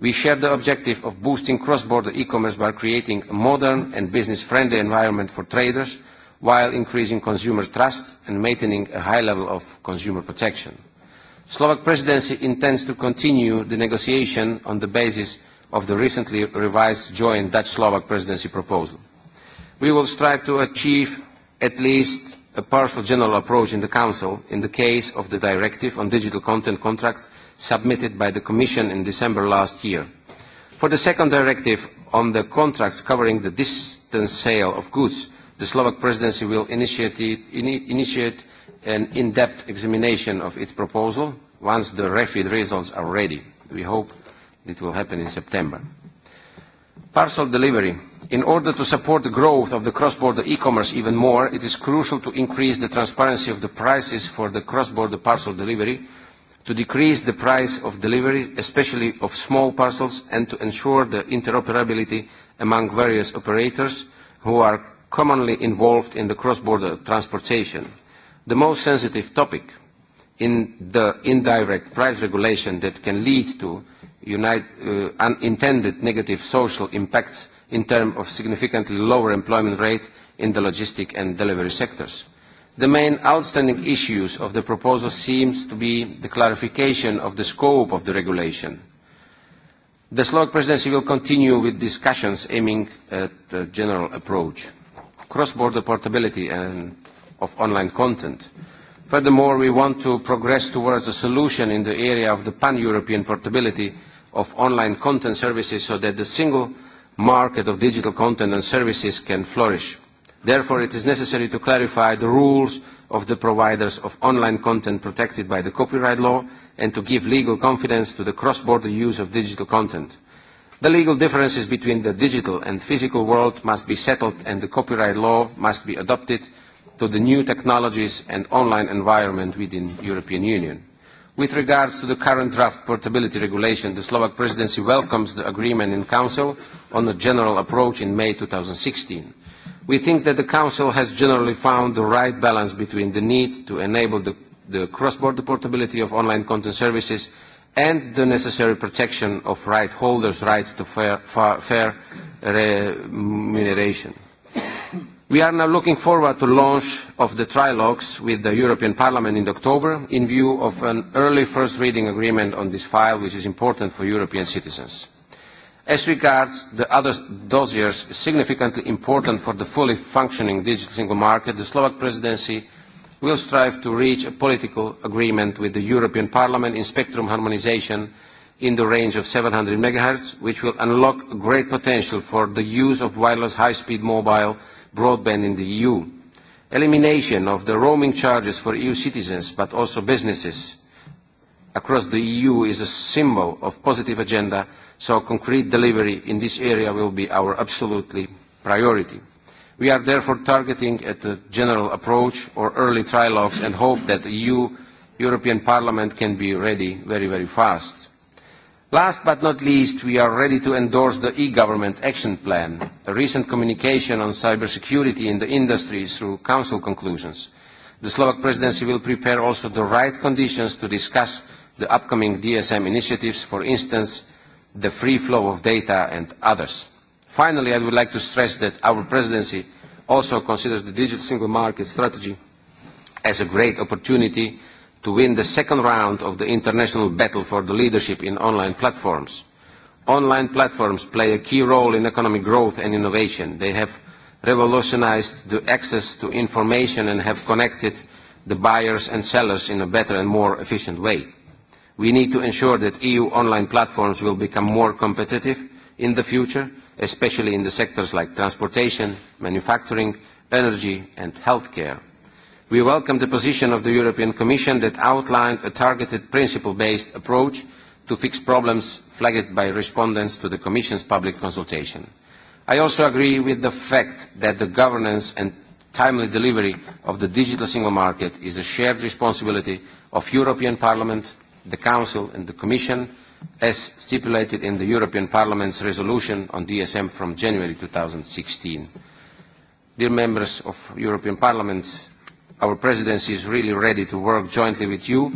We share the objective of boosting cross-border e-commerce by creating a modern and business-friendly environment for traders while increasing consumer trust and maintaining a high level of consumer protection. Slovak presidency intends to continue the negotiation on the basis of the recently revised joint Dutch-Slovak presidency proposal. We will strive to achieve at least a partial general approach in the Council in the case of the Directive on Digital Content Contracts submitted by the Commission in December last year. For the second directive on the contracts covering the distance sale of goods, the Slovak Presidency will initiate an in-depth examination of its proposal once the REFIT results are ready. We hope it will happen in September. Parcel delivery In order to support the growth of the cross-border e-commerce even more, it is crucial to increase the transparency of the prices for the cross-border parcel delivery, to decrease the price of delivery, especially of small parcels, and to ensure the interoperability among various operators who are commonly involved in the cross-border transportation. The most sensitive topic in the indirect price regulation that can lead to unintended negative social impacts in terms of significantly lower employment rates in the logistic and delivery sectors. The main outstanding issues of the proposal seems to be the clarification of the scope of the regulation. The Slovak Presidency will continue with discussions aiming at a general approach, cross-border portability and of online content. Furthermore, we want to progress towards a solution in the area of the pan-European portability of online content services so that the single market of digital content and services can flourish. Therefore, it is necessary to clarify the rules of the providers of online content protected by the copyright law and to give legal confidence to the cross-border use of digital content. The legal differences between the digital and physical world must be settled and the copyright law must be adopted to the new technologies and online environment within the European Union. With regards to the current draft portability regulation, the Slovak presidency welcomes the agreement in Council on a general approach in May 2016. We think that the Council has generally found the right balance between the need to enable the cross-border portability of online content services and the necessary protection of right holders' rights to fair remuneration. We are now looking forward to the launch of the trilogues with the European Parliament in October in view of an early first reading agreement on this file which is important for European citizens. As regards the other dossiers significantly important for the fully functioning digital single market, the Slovak presidency will strive to reach a political agreement with the European Parliament in spectrum harmonisation in the range of 700 MHz, which will unlock great potential for the use of wireless high-speed mobile broadband in the EU, elimination of the roaming charges for EU citizens but also businesses across the EU is a symbol of positive agenda, so concrete delivery in this area will be our absolutely priority. We are therefore targeting at a general approach or early trilogues and hope that the EU European Parliament can be ready very, very fast. Last but not least, we are ready to endorse the e-government action plan, a recent communication on cybersecurity in the industry through Council conclusions. The Slovak presidency will prepare also the right conditions to discuss the upcoming DSM initiatives, for instance, the free flow of data and others. Finally, I would like to stress that our presidency also considers the digital single market strategy as a great opportunity to win the second round of the international battle for the leadership in online platforms. Online platforms play a key role in economic growth and innovation. They have revolutionized the access to information and have connected the buyers and sellers in a better and more efficient way. We need to ensure that EU online platforms will become more competitive in the future, especially in the sectors like transportation, manufacturing, energy and healthcare. We welcome the position of the European Commission that outlined a targeted principle-based approach to fix problems flagged by respondents to the Commission's public consultation. I also agree with the fact that the governance and timely delivery of the digital single market is a shared responsibility of European Parliament, the Council and the Commission, as stipulated in the European Parliament's resolution on DSM from January 2016. Dear members of European Parliament, Our presidency is really ready to work jointly with you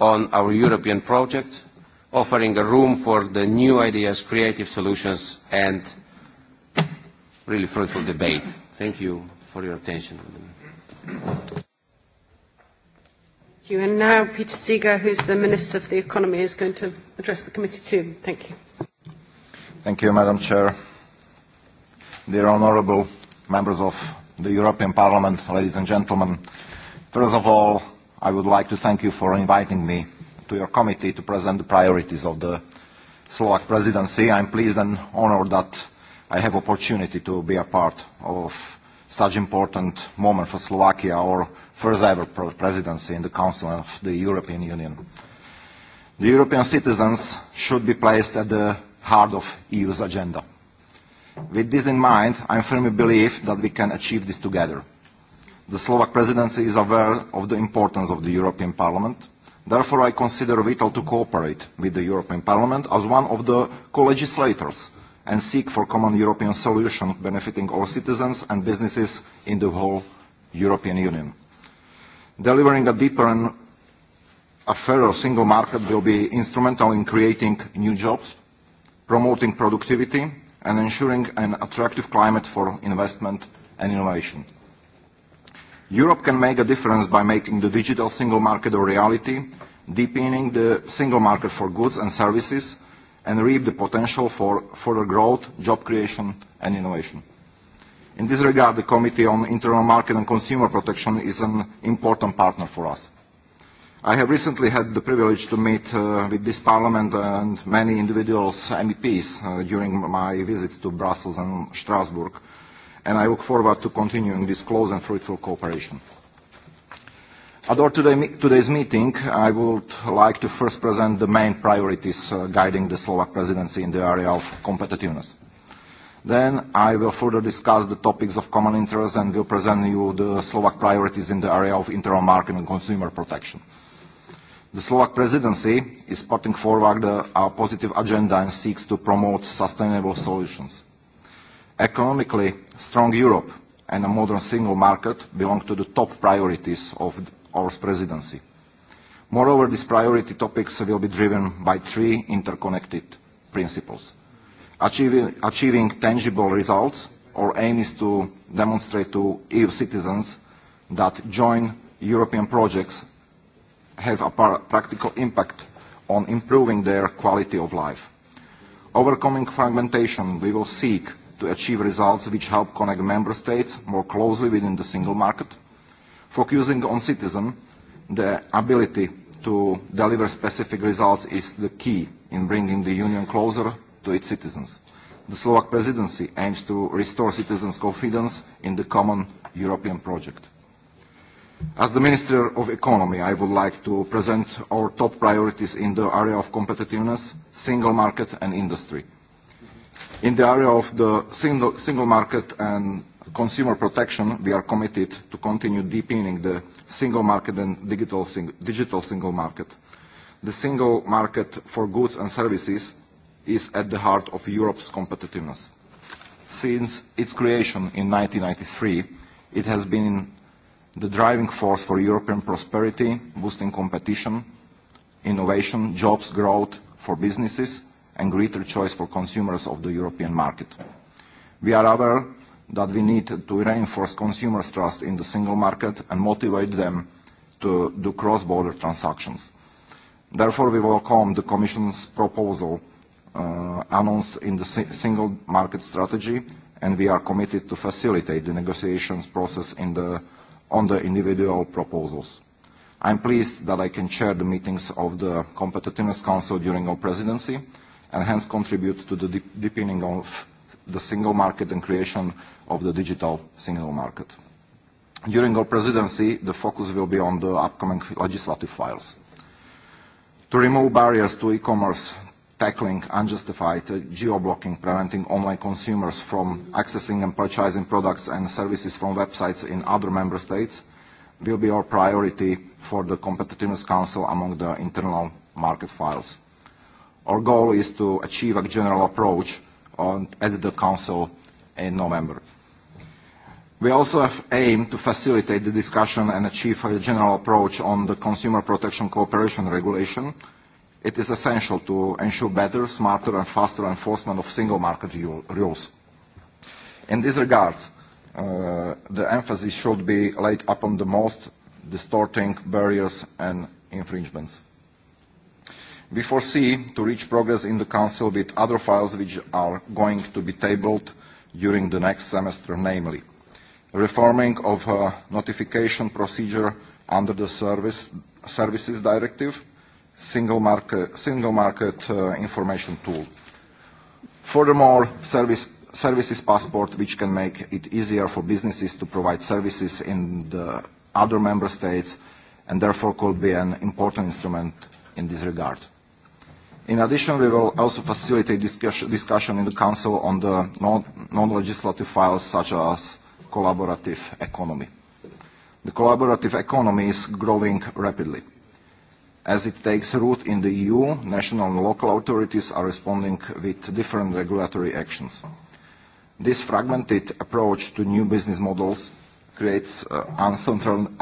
on our European project, offering a room for the new ideas, creative solutions, and really fruitful debate. Thank you for your attention. Thank you. And now Peter Seeger, who's the Minister for the Economy, is going to address the committee too. Thank you. Thank you, Madam Chair. Dear Honorable Members of the European Parliament, ladies and gentlemen. First of all, I would like to thank you for inviting me to your committee to present the priorities of the Slovak presidency. I am pleased and honored that I have opportunity to be a part of such important moment for Slovakia, our first ever presidency in the Council of the European Union. The European citizens should be placed at the heart of EU's agenda. With this in mind, I firmly believe that we can achieve this together. The Slovak presidency is aware of the importance of the European Parliament. Therefore, I consider vital to cooperate with the European Parliament as one of the co-legislators and seek for common European solution benefiting all citizens and businesses in the whole European Union. Delivering a deeper and a fairer single market will be instrumental in creating new jobs, promoting productivity, and ensuring an attractive climate for investment and innovation. Europe can make a difference by making the digital single market a reality, deepening the single market for goods and services, and reap the potential for further growth, job creation and innovation. In this regard, the Committee on Internal Market and Consumer Protection is an important partner for us. I have recently had the privilege to meet with this Parliament and many individuals, MEPs, during my visits to Brussels and Strasbourg, and I look forward to continuing this close and fruitful cooperation. At today's meeting, I would like to first present the main priorities guiding the Slovak presidency in the area of competitiveness. Then I will further discuss the topics of common interest and will present you the Slovak priorities in the area of internal market and consumer protection. The Slovak presidency is putting forward a positive agenda and seeks to promote sustainable solutions. Economically, strong Europe and a modern single market belong to the top priorities of our presidency. Moreover, these priority topics will be driven by three interconnected principles. Achieving tangible results, our aim is to demonstrate to EU citizens that joint European projects have a practical impact on improving their quality of life. Overcoming fragmentation, we will seek to achieve results which help connect member states more closely within the single market, focusing on citizens, the ability to deliver specific results is the key in bringing the Union closer to its citizens. The Slovak presidency aims to restore citizens' confidence in the common European project. As the Minister of Economy, I would like to present our top priorities in the area of competitiveness, single market and industry. In the area of the single market and consumer protection, we are committed to continue deepening the single market and digital single market. The single market for goods and services is at the heart of Europe's competitiveness. Since its creation in 1993, it has been the driving force for European prosperity, boosting competition, innovation, jobs, growth for businesses, and greater choice for consumers of the European market. We are aware that we need to reinforce consumers' trust in the single market and motivate them to do cross-border transactions. Therefore, we welcome the Commission's proposal announced in the single market strategy, and we are committed to facilitate the negotiations process in the on the individual proposals. I am pleased that I can chair the meetings of the Competitiveness Council during our presidency and hence contribute to the deepening of the single market and creation of the digital single market. During our presidency, the focus will be on the upcoming legislative files. To remove barriers to e-commerce, tackling unjustified geo-blocking, preventing online consumers from accessing and purchasing products and services from websites in other member states will be our priority for the Competitiveness Council among the internal market files. Our goal is to achieve a general approach at the Council in November. We also have aim to facilitate the discussion and achieve a general approach on the Consumer Protection Cooperation Regulation, it is essential to ensure better, smarter and faster enforcement of single market rules. In this regard, the emphasis should be laid upon the most distorting barriers and infringements. We foresee to reach progress in the Council with other files which are going to be tabled during the next semester, namely reforming of notification procedure under the Services Directive, single market information tool. Furthermore, services passport, which can make it easier for businesses to provide services in the other member states, and therefore could be an important instrument in this regard. In addition, we will also facilitate discussion in the Council on the non-legislative files such as collaborative economy. The collaborative economy is growing rapidly. As it takes root in the EU, national and local authorities are responding with different regulatory actions. This fragmented approach to new business models creates uncertainty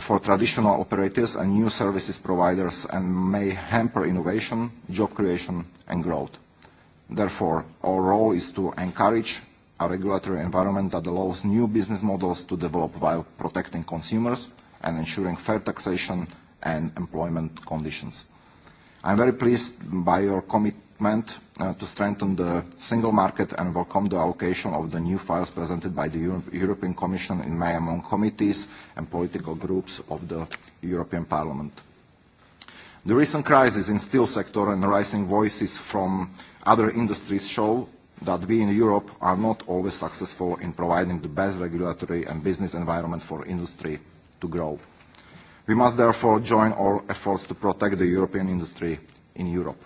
for traditional operators and new services providers and may hamper innovation, job creation and growth. Therefore, our role is to encourage a regulatory environment that allows new business models to develop while protecting consumers and ensuring fair taxation and employment conditions. I am very pleased by your commitment to strengthen the single market and welcome the allocation of the new files presented by the European Commission in May among committees and political groups of the European Parliament. The recent crisis in the steel sector and rising voices from other industries show that we in Europe are not always successful in providing the best regulatory and business environment for industry to grow. We must therefore join our efforts to protect the European industry in Europe.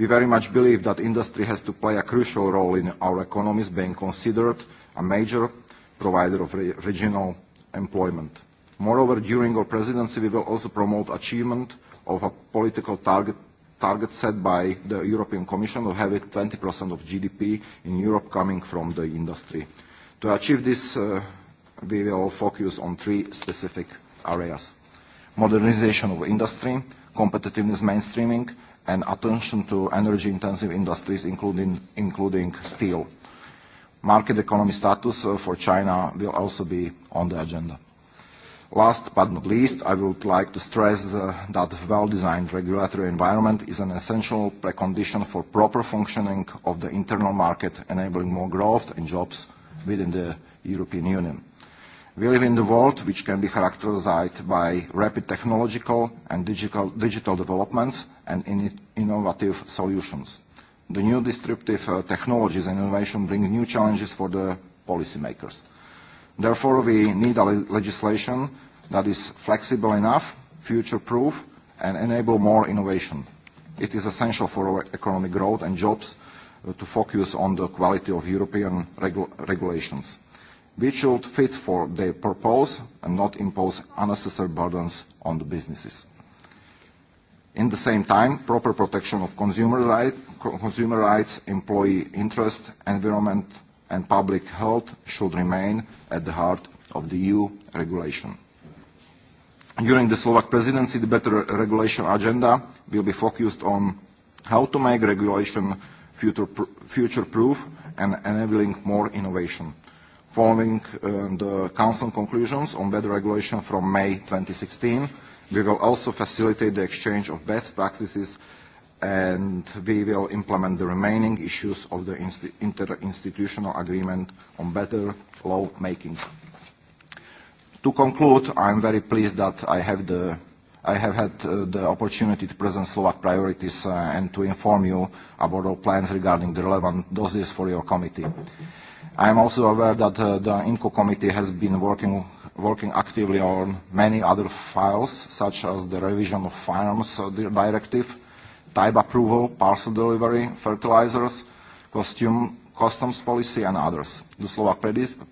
We very much believe that industry has to play a crucial role in our economies being considered a major provider of regional employment. Moreover, during our presidency, we will also promote achievement of a political target target set by the European Commission of having 20% of GDP in Europe coming from the industry. To achieve this we will focus on three specific areas. Modernization of industry, competitiveness mainstreaming, and attention to energy-intensive industries, including steel. Market economy status for China will also be on the agenda. Last but not least, I would like to stress that a well-designed regulatory environment is an essential precondition for proper functioning of the internal market, enabling more growth and jobs within the European Union. We live in a world which can be characterized by rapid technological and digital developments and innovative solutions. The new disruptive technologies and innovation bring new challenges for the policymakers. Therefore, we need a legislation that is flexible enough, future-proof, and enable more innovation. It is essential for our economic growth and jobs to focus on the quality of European regulations which should fit for their purpose and not impose unnecessary burdens on the businesses. In the same time, proper protection of consumer rights, employee interests, environment and public health should remain at the heart of the EU regulation. During the Slovak presidency, the better regulation agenda will be focused on how to make regulation future-proof and enabling more innovation. Following the Council conclusions on better regulation from May 2016, we will also facilitate the exchange of best practices and we will implement the remaining issues of the interinstitutional agreement on better law making. To conclude, I am very pleased that I have the I have had the opportunity to present Slovak priorities and to inform you about our plans regarding the relevant doses for your committee. I am also aware that the INCO committee has been working working actively on many other files, such as the revision of firearms directive, type approval, parcel delivery, fertilizers, costume customs policy and others. The Slovak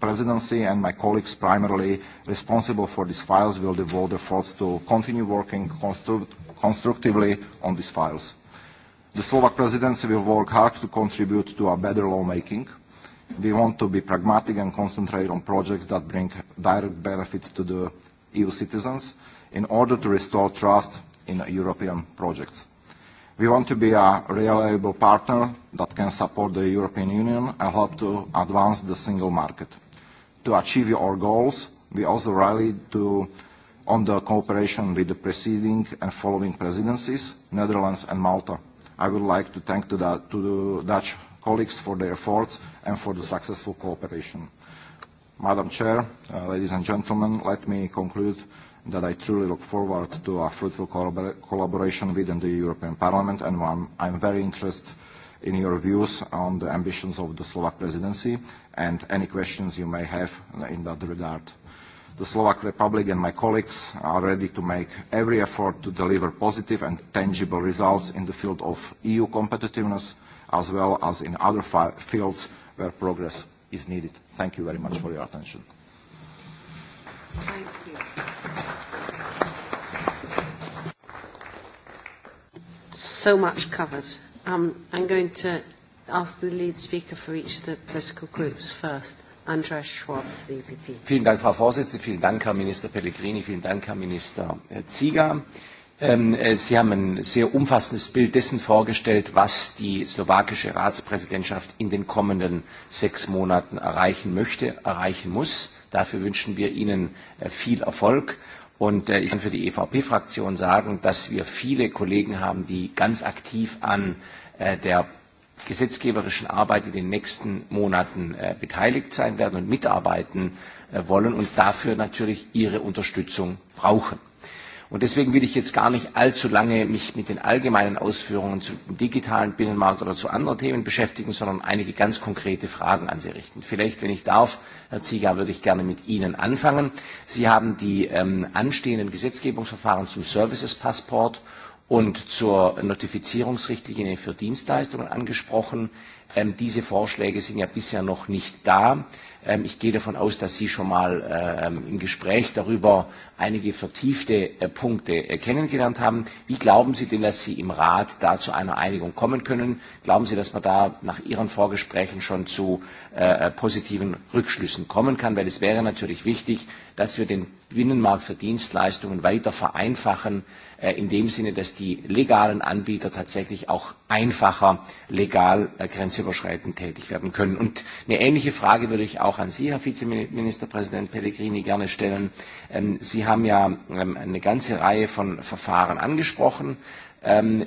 presidency and my colleagues primarily responsible for these files will devote efforts to continue working constructively on these files. The Slovak presidency will work hard to contribute to a better lawmaking We want to be pragmatic and concentrate on projects that bring direct benefits to the EU citizens in order to restore trust in European projects. We want to be a reliable partner that can support the European Union and help to advance the single market. To achieve our goals, we also rallied on the cooperation with the preceding and following presidencies, Netherlands and Malta. I would like to thank the Dutch colleagues for their efforts and for the successful cooperation. Madam Chair, ladies and gentlemen, let me conclude that I truly look forward to a fruitful collaboration within the European Parliament and I'm very interested in your views on the ambitions of the Slovak presidency and any questions you may have in that regard. The Slovak Republic and my colleagues are ready to make every effort to deliver positive and tangible results in the field of EU competitiveness, as well as in other fields where progress is needed. Thank you very much for your attention. So much covered. Um, I'm going to ask the lead speaker for each of the political groups first. Andreas Schwab, the EPP. Vielen Dank, Frau Vorsitzende. Vielen Dank, Herr Minister Pellegrini. Vielen Dank, Herr Minister Zieger. Sie haben ein sehr umfassendes Bild dessen vorgestellt, was die slowakische Ratspräsidentschaft in den kommenden sechs Monaten erreichen möchte, erreichen muss. Dafür wünschen wir Ihnen viel Erfolg. Und ich kann für die EVP-Fraktion sagen, dass wir viele Kollegen haben, die ganz aktiv an der gesetzgeberischen Arbeit in den nächsten Monaten beteiligt sein werden und mitarbeiten wollen und dafür natürlich ihre Unterstützung brauchen. Und deswegen will ich jetzt gar nicht allzu lange mich mit den allgemeinen Ausführungen zum digitalen Binnenmarkt oder zu anderen Themen beschäftigen, sondern einige ganz konkrete Fragen an Sie richten. Vielleicht, wenn ich darf, Herr Zieger, würde ich gerne mit Ihnen anfangen. Sie haben die anstehenden Gesetzgebungsverfahren zum Services-Passport und zur Notifizierungsrichtlinie für Dienstleistungen angesprochen. Diese Vorschläge sind ja bisher noch nicht da. Ich gehe davon aus, dass Sie schon mal im Gespräch darüber einige vertiefte Punkte kennengelernt haben. Wie glauben Sie denn, dass Sie im Rat da zu einer Einigung kommen können? Glauben Sie, dass man da nach Ihren Vorgesprächen schon zu positiven Rückschlüssen kommen kann? Weil es wäre natürlich wichtig, dass wir den Binnenmarkt für Dienstleistungen weiter vereinfachen, in dem Sinne, dass die legalen Anbieter tatsächlich auch einfacher legal grenzüberschreitend tätig werden können. Und eine ähnliche Frage würde ich auch an Sie, Herr Vizeministerpräsident Pellegrini, gerne stellen. Sie haben ja eine ganze Reihe von Verfahren angesprochen.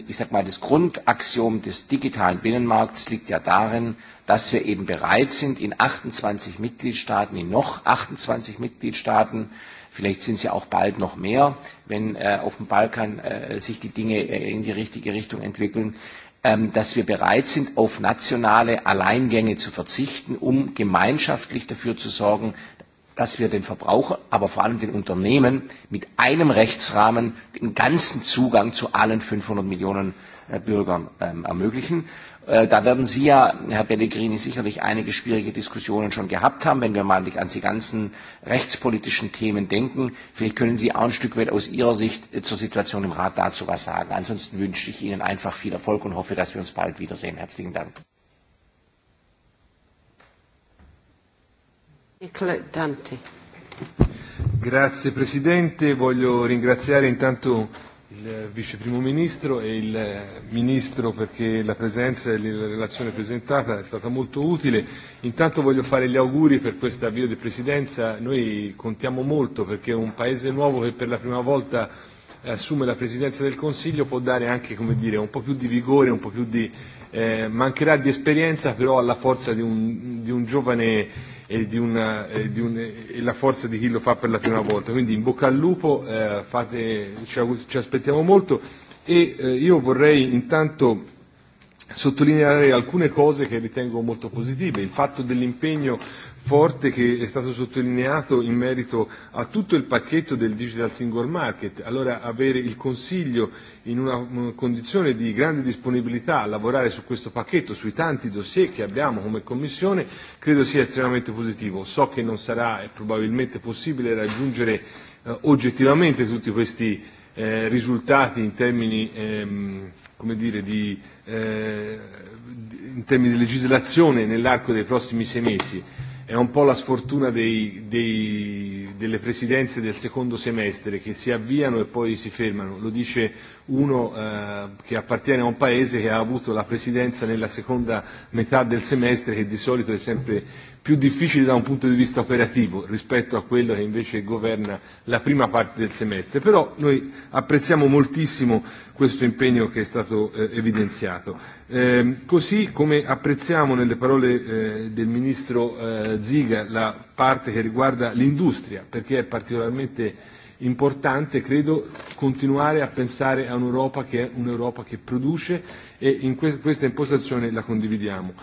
Ich sage mal, das Grundaxiom des digitalen Binnenmarkts liegt ja darin, dass wir eben bereit sind, in 28 Mitgliedstaaten, in noch 28 Mitgliedstaaten, vielleicht sind es ja auch bald noch mehr, wenn auf dem Balkan sich die Dinge in die richtige Richtung entwickeln, dass wir bereit sind, auf nationale Alleingänge zu verzichten, um gemeinschaftlich dafür zu sorgen, dass wir den Verbraucher, aber vor allem den Unternehmen mit einem Rechtsrahmen den ganzen Zugang zu allen 500 Millionen Bürgern ermöglichen. Da werden Sie ja, Herr Pellegrini, sicherlich einige schwierige Diskussionen schon gehabt haben, wenn wir mal an die ganzen rechtspolitischen Themen denken. Vielleicht können Sie auch ein Stück weit aus Ihrer Sicht zur Situation im Rat dazu was sagen. Ansonsten wünsche ich Ihnen einfach viel Erfolg und hoffe, dass wir uns bald wiedersehen. Herzlichen Dank. Grazie Presidente, voglio ringraziare intanto il Vice Primo Ministro e il Ministro perché la presenza e la relazione presentata è stata molto utile. Intanto voglio fare gli auguri per questo avvio di Presidenza. Noi contiamo molto perché un Paese nuovo che per la prima volta assume la Presidenza del Consiglio può dare anche come dire, un po' più di vigore, un po' più di mancherà di esperienza però alla forza di un, di un giovane e, di una, e, di un, e la forza di chi lo fa per la prima volta. Quindi in bocca al lupo, fate, ci, aspettiamo molto e io vorrei intanto sottolineare alcune cose che ritengo molto positive. Il fatto dell'impegno forte che è stato sottolineato in merito a tutto il pacchetto del Digital Single Market. Allora avere il Consiglio in una condizione di grande disponibilità a lavorare su questo pacchetto, sui tanti dossier che abbiamo come Commissione, credo sia estremamente positivo. So che non sarà probabilmente possibile raggiungere oggettivamente tutti questi risultati in termini come dire, di, in termini di legislazione nell'arco dei prossimi sei mesi è un po' la sfortuna dei, dei, delle presidenze del secondo semestre che si avviano e poi si fermano. Lo dice uno che appartiene a un paese che ha avuto la presidenza nella seconda metà del semestre che di solito è sempre più difficile da un punto di vista operativo rispetto a quello che invece governa la prima parte del semestre. Però noi apprezziamo moltissimo questo impegno che è stato evidenziato. Così come apprezziamo nelle parole del Ministro Ziga la parte che riguarda l'industria, perché è particolarmente importante, credo, continuare a pensare a un'Europa che è un'Europa che produce e in questa impostazione la condividiamo.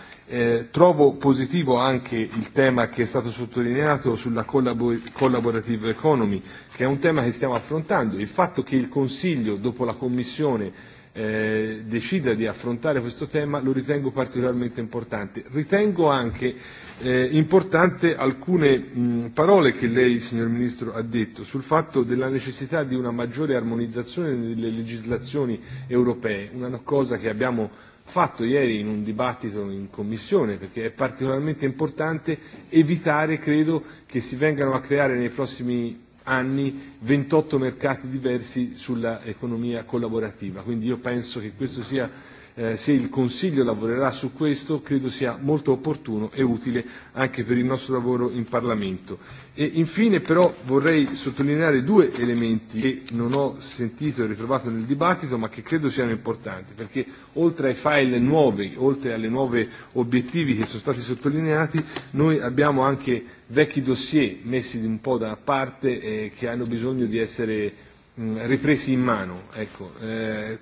Trovo positivo anche il tema che è stato sottolineato sulla collaborative economy, che è un tema che stiamo affrontando. Il fatto che il Consiglio, dopo la Commissione, decida di affrontare questo tema lo ritengo particolarmente importante. Ritengo anche importante alcune parole che lei, signor Ministro, ha detto sul fatto della necessità di una maggiore armonizzazione delle legislazioni europee, una cosa che abbiamo fatto ieri in un dibattito in Commissione, perché è particolarmente importante evitare, credo, che si vengano a creare nei prossimi anni 28 mercati diversi sull'economia collaborativa. Quindi io penso che questo sia se il Consiglio lavorerà su questo credo sia molto opportuno e utile anche per il nostro lavoro in Parlamento. E infine però vorrei sottolineare due elementi che non ho sentito e ritrovato nel dibattito ma che credo siano importanti perché oltre ai file nuovi, oltre alle nuove obiettivi che sono stati sottolineati, noi abbiamo anche vecchi dossier messi un po' da parte e che hanno bisogno di essere ripresi in mano. Ecco.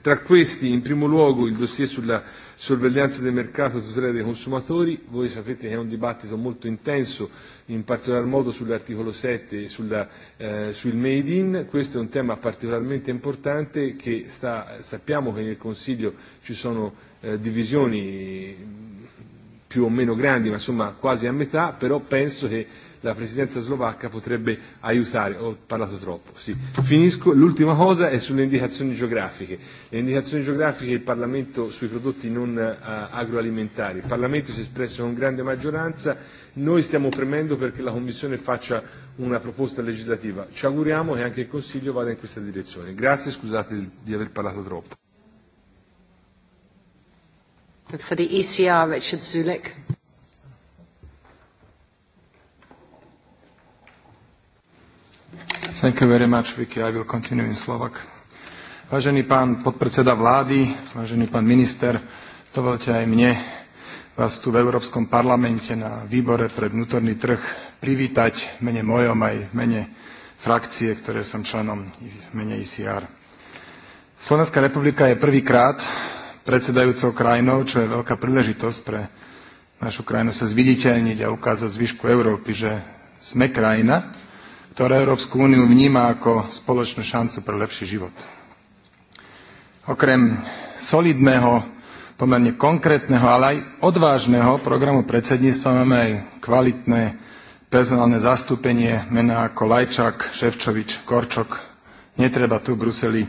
Tra questi, in primo luogo, il dossier sulla sorveglianza del mercato e tutela dei consumatori. Voi sapete che è un dibattito molto intenso, in particolar modo sull'articolo 7 e sul Made in. Questo è un tema particolarmente importante che sta, sappiamo che nel Consiglio ci sono divisioni più o meno grandi, ma insomma quasi a metà, però penso che la presidenza slovacca potrebbe aiutare. Ho parlato troppo, sì. Finisco. L'ultima cosa è sulle indicazioni geografiche. Le indicazioni geografiche il Parlamento sui prodotti non agroalimentari. Il Parlamento si è espresso con grande maggioranza. Noi stiamo premendo perché la Commissione faccia una proposta legislativa. Ci auguriamo che anche il Consiglio vada in questa direzione. Grazie, scusate di aver parlato troppo. For the ECR, Richard Zulik. Thank you very much, Vicky. I will continue in Slovak. Vážený pán podpredseda vlády, vážený pán minister, dovolte aj mne vás tu v Európskom parlamente na výbore pre vnútorný trh privítať mene mojom aj v mene frakcie, ktoré som členom v mene ICR. Slovenská republika je prvýkrát predsedajúcou krajinou, čo je veľká príležitosť pre našu krajinu sa zviditeľniť a ukázať zvyšku Európy, že sme krajina, ktorá Európsku úniu vníma ako spoločnú šancu pre lepší život. Okrem solidného, pomerne konkrétneho, ale aj odvážneho programu predsedníctva máme aj kvalitné personálne zastúpenie mená ako Lajčák, Ševčovič, Korčok. Netreba tu v Bruseli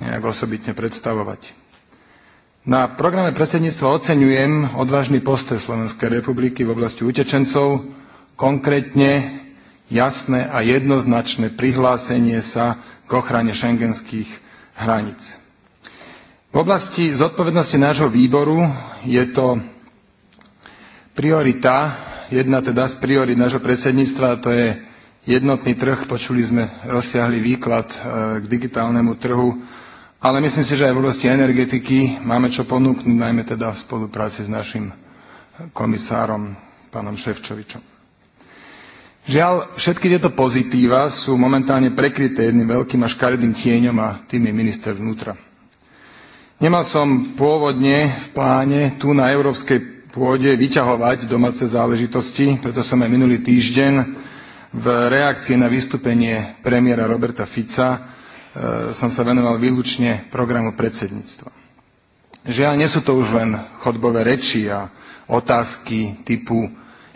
nejak osobitne predstavovať. Na programe predsedníctva oceňujem odvážny postoj Slovenskej republiky v oblasti utečencov, konkrétne jasné a jednoznačné prihlásenie sa k ochrane šengenských hraníc. V oblasti zodpovednosti nášho výboru je to priorita, jedna teda z priorit nášho predsedníctva, to je jednotný trh, počuli sme rozsiahly výklad k digitálnemu trhu ale myslím si, že aj v oblasti energetiky máme čo ponúknuť, najmä teda v spolupráci s našim komisárom, pánom Ševčovičom. Žiaľ, všetky tieto pozitíva sú momentálne prekryté jedným veľkým a škaredým tieňom a tým je minister vnútra. Nemal som pôvodne v pláne tu na európskej pôde vyťahovať domáce záležitosti, preto som aj minulý týždeň v reakcii na vystúpenie premiéra Roberta Fica som sa venoval výlučne programu predsedníctva. Žiaľ, nie sú to už len chodbové reči a otázky typu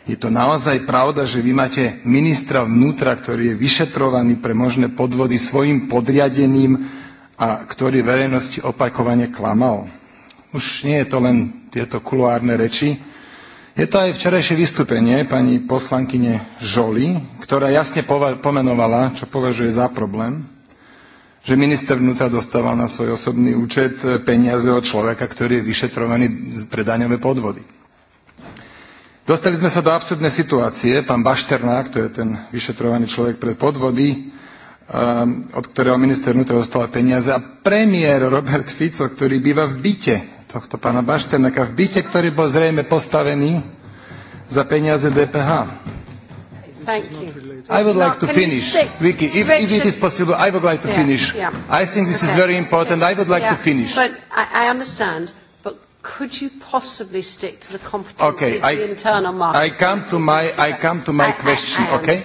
je to naozaj pravda, že vy máte ministra vnútra, ktorý je vyšetrovaný pre možné podvody svojim podriadeným a ktorý verejnosti opakovane klamal. Už nie je to len tieto kuloárne reči. Je to aj včerajšie vystúpenie pani poslankyne Žoli, ktorá jasne pomenovala, čo považuje za problém že minister vnútra dostával na svoj osobný účet peniaze od človeka, ktorý je vyšetrovaný z daňové podvody. Dostali sme sa do absurdnej situácie. Pán Bašternák, to je ten vyšetrovaný človek pre podvody, od ktorého minister vnútra dostal peniaze. A premiér Robert Fico, ktorý býva v byte tohto pána Bašternáka, v byte, ktorý bol zrejme postavený za peniaze DPH. Thank you. I would like to finish, Vicky, if, if it is possible, I would like to finish. I think this is very important. I would like to finish. But I, I understand. But could you possibly stick to the competencies of the internal market? I come to my, I come to my question. I, okay.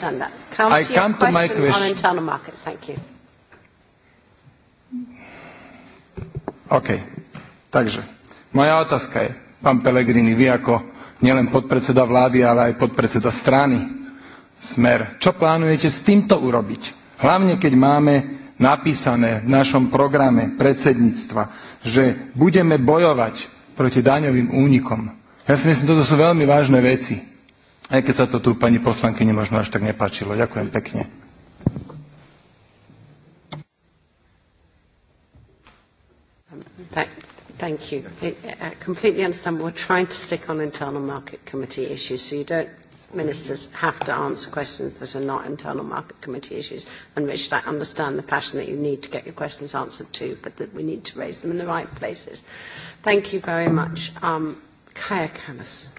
Come I to come to my question on internal markets. Thank you. Okay. Takže moja otázka je, pán Pelegrini, vy ako nielen podpredseda vlády, ale aj podpredseda strany, smer. Čo plánujete s týmto urobiť? Hlavne, keď máme napísané v našom programe predsedníctva, že budeme bojovať proti daňovým únikom. Ja si myslím, toto sú veľmi vážne veci. Aj keď sa to tu pani poslanky nemožno až tak nepáčilo. Ďakujem pekne. Thank you. I completely understand we're trying to stick on internal market committee issues, so you don't ministers have to answer questions that are not internal market committee issues, and Richard, I understand the passion that you need to get your questions answered too, but that we need to raise them in the right places. Thank you very much. Um, Kaya Kanis.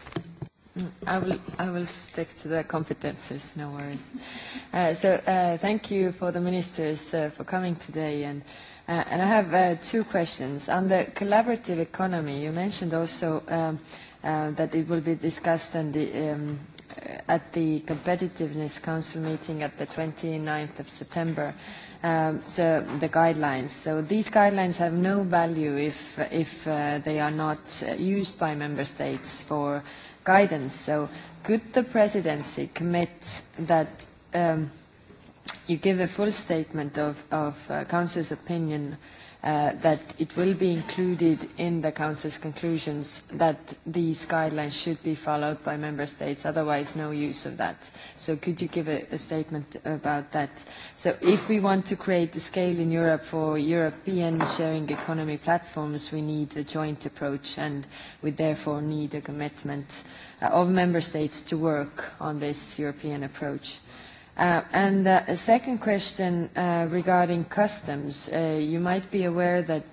I will, I will stick to the competences, no worries. so thank you for the ministers for coming today. And, and I have two questions. On the collaborative economy, you mentioned also that it will be discussed in the at the Competitiveness Council meeting at the 29th of September so the guidelines. So these guidelines have no value if if they are not used by member states for guidance. So could the presidency commit that you give a full statement of of council's opinion that it will be included in the Council's conclusions that these guidelines should be followed by Member States, otherwise no use of that. So could you give a statement about that? So if we want to create the scale in Europe for European sharing economy platforms, we need a joint approach and we therefore need a commitment of Member States to work on this European approach. And a second question regarding customs. You might be aware that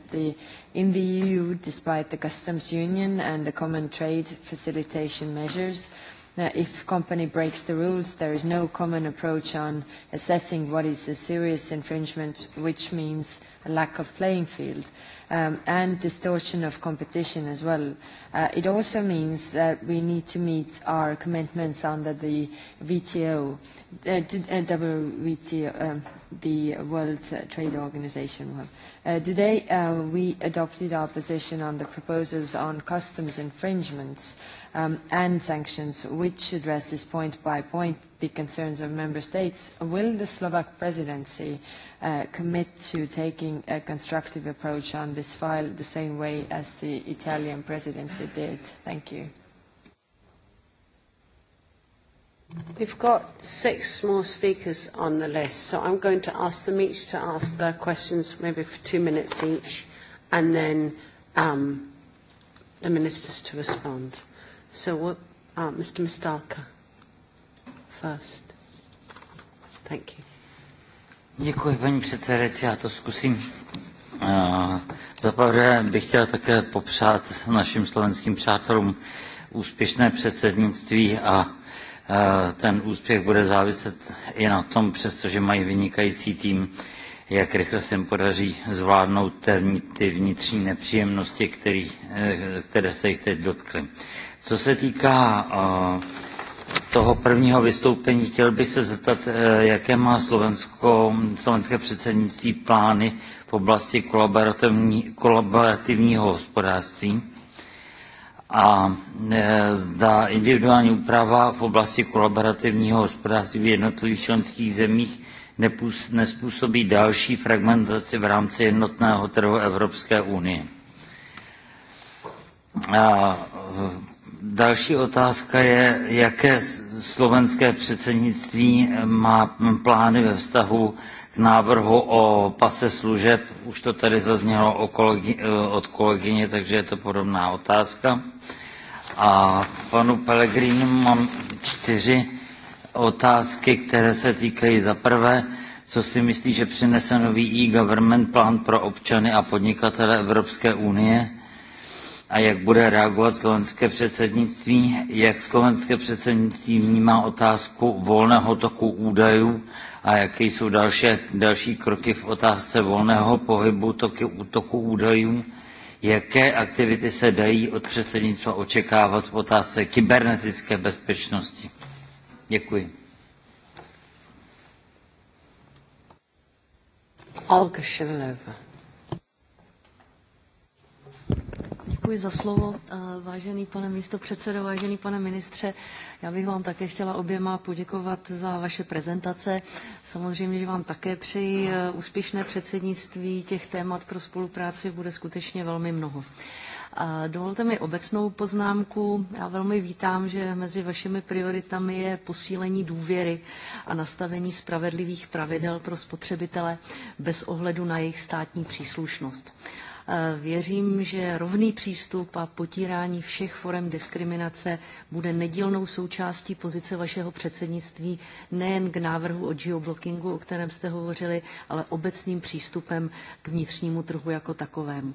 in the EU, despite the customs union and the common trade facilitation measures, if a company breaks the rules, there is no common approach on assessing what is a serious infringement, which means a lack of playing field and distortion of competition as well. It also means that we need to meet our commitments under the WTO, the World Trade Organization. Today, we adopted our position on the proposals on customs infringements and sanctions, which addresses point by point the concerns of member states, will the Slovak presidency commit to taking a constructive approach on this file the same way as the Italian presidency did? Thank you. We've got six more speakers on the list, so I'm going to ask them each to ask their questions, maybe for two minutes each, and then the ministers to respond. So, Mr. Mistalka first. Thank you. Děkuji, paní předsedající, já to zkusím. Zaprvé bych chtěl také popřát našim slovenským přátelům úspěšné předsednictví a ten úspěch bude záviset i na tom, přestože mají vynikající tým, jak rychle se jim podaří zvládnout ty vnitřní nepříjemnosti, které se jich teď dotkly. Co se týká toho prvního vystoupení, chtěl bych se zeptat, jaké má Slovensko, slovenské předsednictví plány v oblasti kolaborativního hospodářství a zda individuální úprava v oblasti kolaborativního hospodářství v jednotlivých členských zemích nespůsobí další fragmentaci v rámci jednotného trhu Evropské unie. Další otázka je, jaké slovenské předsednictví má plány ve vztahu k návrhu o pase služeb. Už to tady zaznělo od kolegyně, takže je to podobná otázka. A panu Pellegrini mám čtyři otázky, které se týkají za prvé, co si myslí, že přinese nový e-government plán pro občany a podnikatele Evropské unie, a jak bude reagovat slovenské předsednictví, jak slovenské předsednictví vnímá otázku volného toku údajů a jaké jsou další, další kroky v otázce volného pohybu toku, toku údajů, jaké aktivity se dají od předsednictva očekávat v otázce kybernetické bezpečnosti. Děkuji. Olga Děkuji za slovo, vážený pane místopředsedo, vážený pane ministře. Já bych vám také chtěla oběma poděkovat za vaše prezentace. Samozřejmě, že vám také přeji úspěšné předsednictví. Těch témat pro spolupráci bude skutečně velmi mnoho. Dovolte mi obecnou poznámku. Já velmi vítám, že mezi vašimi prioritami je posílení důvěry a nastavení spravedlivých pravidel pro spotřebitele bez ohledu na jejich státní příslušnost. Věřím, že rovný přístup a potírání všech forem diskriminace bude nedílnou součástí pozice vašeho předsednictví nejen k návrhu o geoblockingu, o kterém jste hovořili, ale obecným přístupem k vnitřnímu trhu jako takovému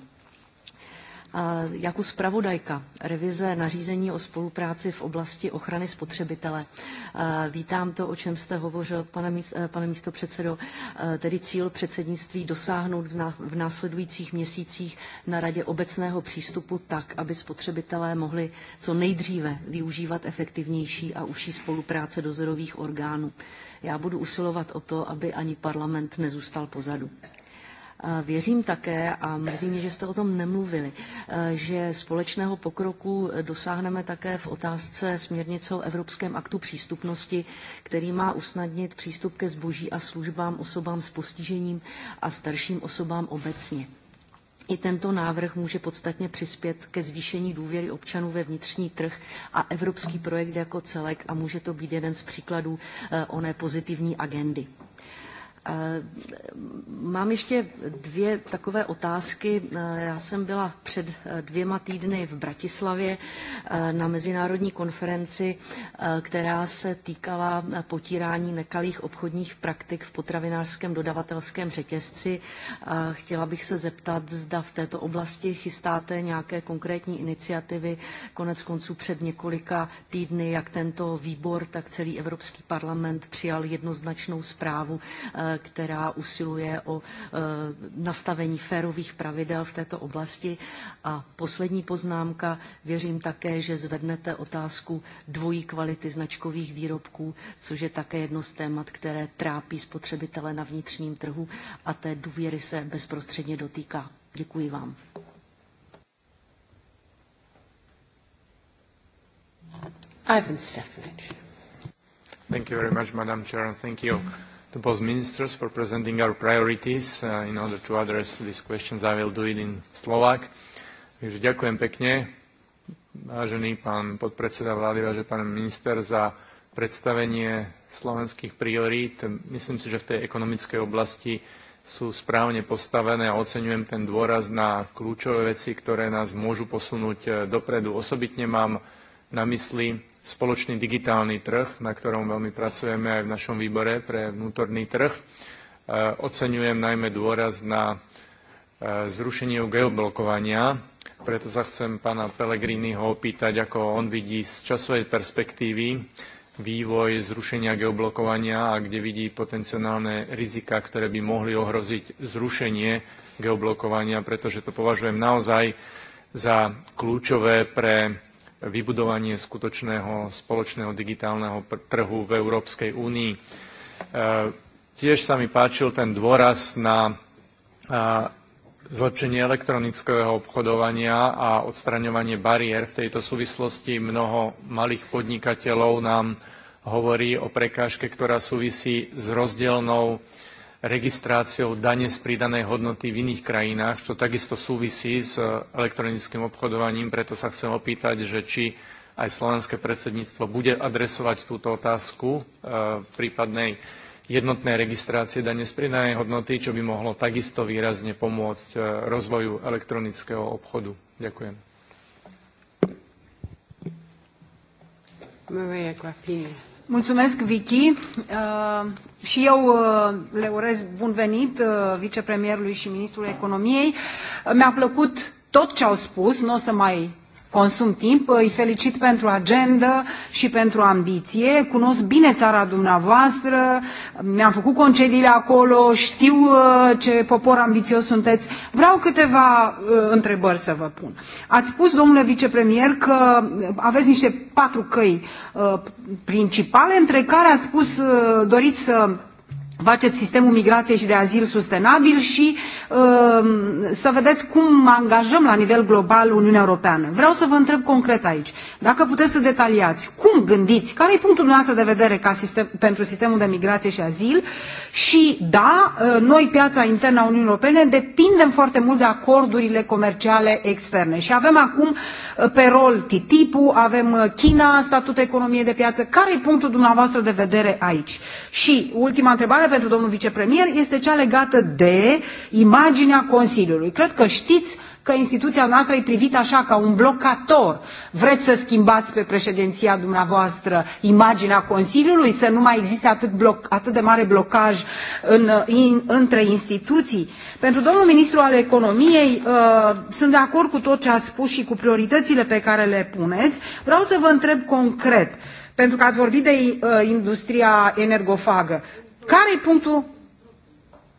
jako zpravodajka revize nařízení o spolupráci v oblasti ochrany spotřebitele. Vítám to, o čem jste hovořil, pane místopředsedo, tedy cíl předsednictví dosáhnout v následujících měsících na radě obecného přístupu tak, aby spotřebitelé mohli co nejdříve využívat efektivnější a užší spolupráce dozorových orgánů. Já budu usilovat o to, aby ani parlament nezůstal pozadu. Věřím také, a mrzí mě, že jste o tom nemluvili, že společného pokroku dosáhneme také v otázce směrnice o Evropském aktu přístupnosti, který má usnadnit přístup ke zboží a službám osobám s postižením a starším osobám obecně. I tento návrh může podstatně přispět ke zvýšení důvěry občanů ve vnitřní trh a evropský projekt jako celek a může to být jeden z příkladů oné pozitivní agendy. Mám ještě dvě takové otázky. Já jsem byla před dvěma týdny v Bratislavě na mezinárodní konferenci, která se týkala potírání nekalých obchodních praktik v potravinářském dodavatelském řetězci. Chtěla bych se zeptat, zda v této oblasti chystáte nějaké konkrétní iniciativy. Konec konců před několika týdny, jak tento výbor, tak celý Evropský parlament přijal jednoznačnou zprávu, která usiluje o nastavení férových pravidel v této oblasti. A poslední poznámka, věřím také, že zvednete otázku dvojí kvality značkových výrobků, což je také jedno z témat, které trápí spotřebitele na vnitřním trhu a té důvěry se bezprostředně dotýká. Děkuji vám. Ivan Thank you very much, Madam thank you to both ministers for presenting our priorities. In order to address these questions, I will do it in Slovak. Takže ďakujem pekne, vážený pán podpredseda vlády, vážený pán minister, za predstavenie slovenských priorít. Myslím si, že v tej ekonomickej oblasti sú správne postavené a oceňujem ten dôraz na kľúčové veci, ktoré nás môžu posunúť dopredu. Osobitne mám na mysli spoločný digitálny trh, na ktorom veľmi pracujeme aj v našom výbore pre vnútorný trh. Oceňujem najmä dôraz na zrušenie geoblokovania, preto sa chcem pána ho opýtať, ako on vidí z časovej perspektívy vývoj zrušenia geoblokovania a kde vidí potenciálne rizika, ktoré by mohli ohroziť zrušenie geoblokovania, pretože to považujem naozaj za kľúčové pre vybudovanie skutočného spoločného digitálneho trhu v Európskej únii. Tiež sa mi páčil ten dôraz na zlepšenie elektronického obchodovania a odstraňovanie bariér. V tejto súvislosti mnoho malých podnikateľov nám hovorí o prekážke, ktorá súvisí s rozdielnou registráciou dane z pridanej hodnoty v iných krajinách, čo takisto súvisí s elektronickým obchodovaním, preto sa chcem opýtať, že či aj slovenské predsedníctvo bude adresovať túto otázku prípadnej jednotnej registrácie dane z pridanej hodnoty, čo by mohlo takisto výrazne pomôcť rozvoju elektronického obchodu. Ďakujem. Mulțumesc, Vicky. Și eu le urez bun venit vicepremierului și ministrului economiei. Mi-a plăcut tot ce au spus, nu o să mai consum timp, îi felicit pentru agendă și pentru ambiție, cunosc bine țara dumneavoastră, mi-am făcut concediile acolo, știu ce popor ambițios sunteți. Vreau câteva întrebări să vă pun. Ați spus, domnule vicepremier, că aveți niște patru căi principale, între care ați spus doriți să faceți sistemul migrației și de azil sustenabil și să vedeți cum angajăm la nivel global Uniunea Europeană. Vreau să vă întreb concret aici, dacă puteți să detaliați, cum gândiți, care e punctul dumneavoastră de vedere ca sistem, pentru sistemul de migrație și azil și da, noi piața internă a Uniunii Europene depindem foarte mult de acordurile comerciale externe și avem acum pe rol ttip avem China, statutul economiei de piață, care e punctul dumneavoastră de vedere aici? Și ultima întrebare, întrebare pentru domnul vicepremier este cea legată de imaginea Consiliului. Cred că știți că instituția noastră e privită așa ca un blocator. Vreți să schimbați pe președinția dumneavoastră imaginea Consiliului, să nu mai existe atât, de mare blocaj în, intre instituții? Pentru domnul ministru al economiei, sunt de acord cu tot ce ați spus și cu prioritățile pe care le puneți. Vreau să vă întreb concret pentru că ați vorbit de industria energofagă. Care e punctul,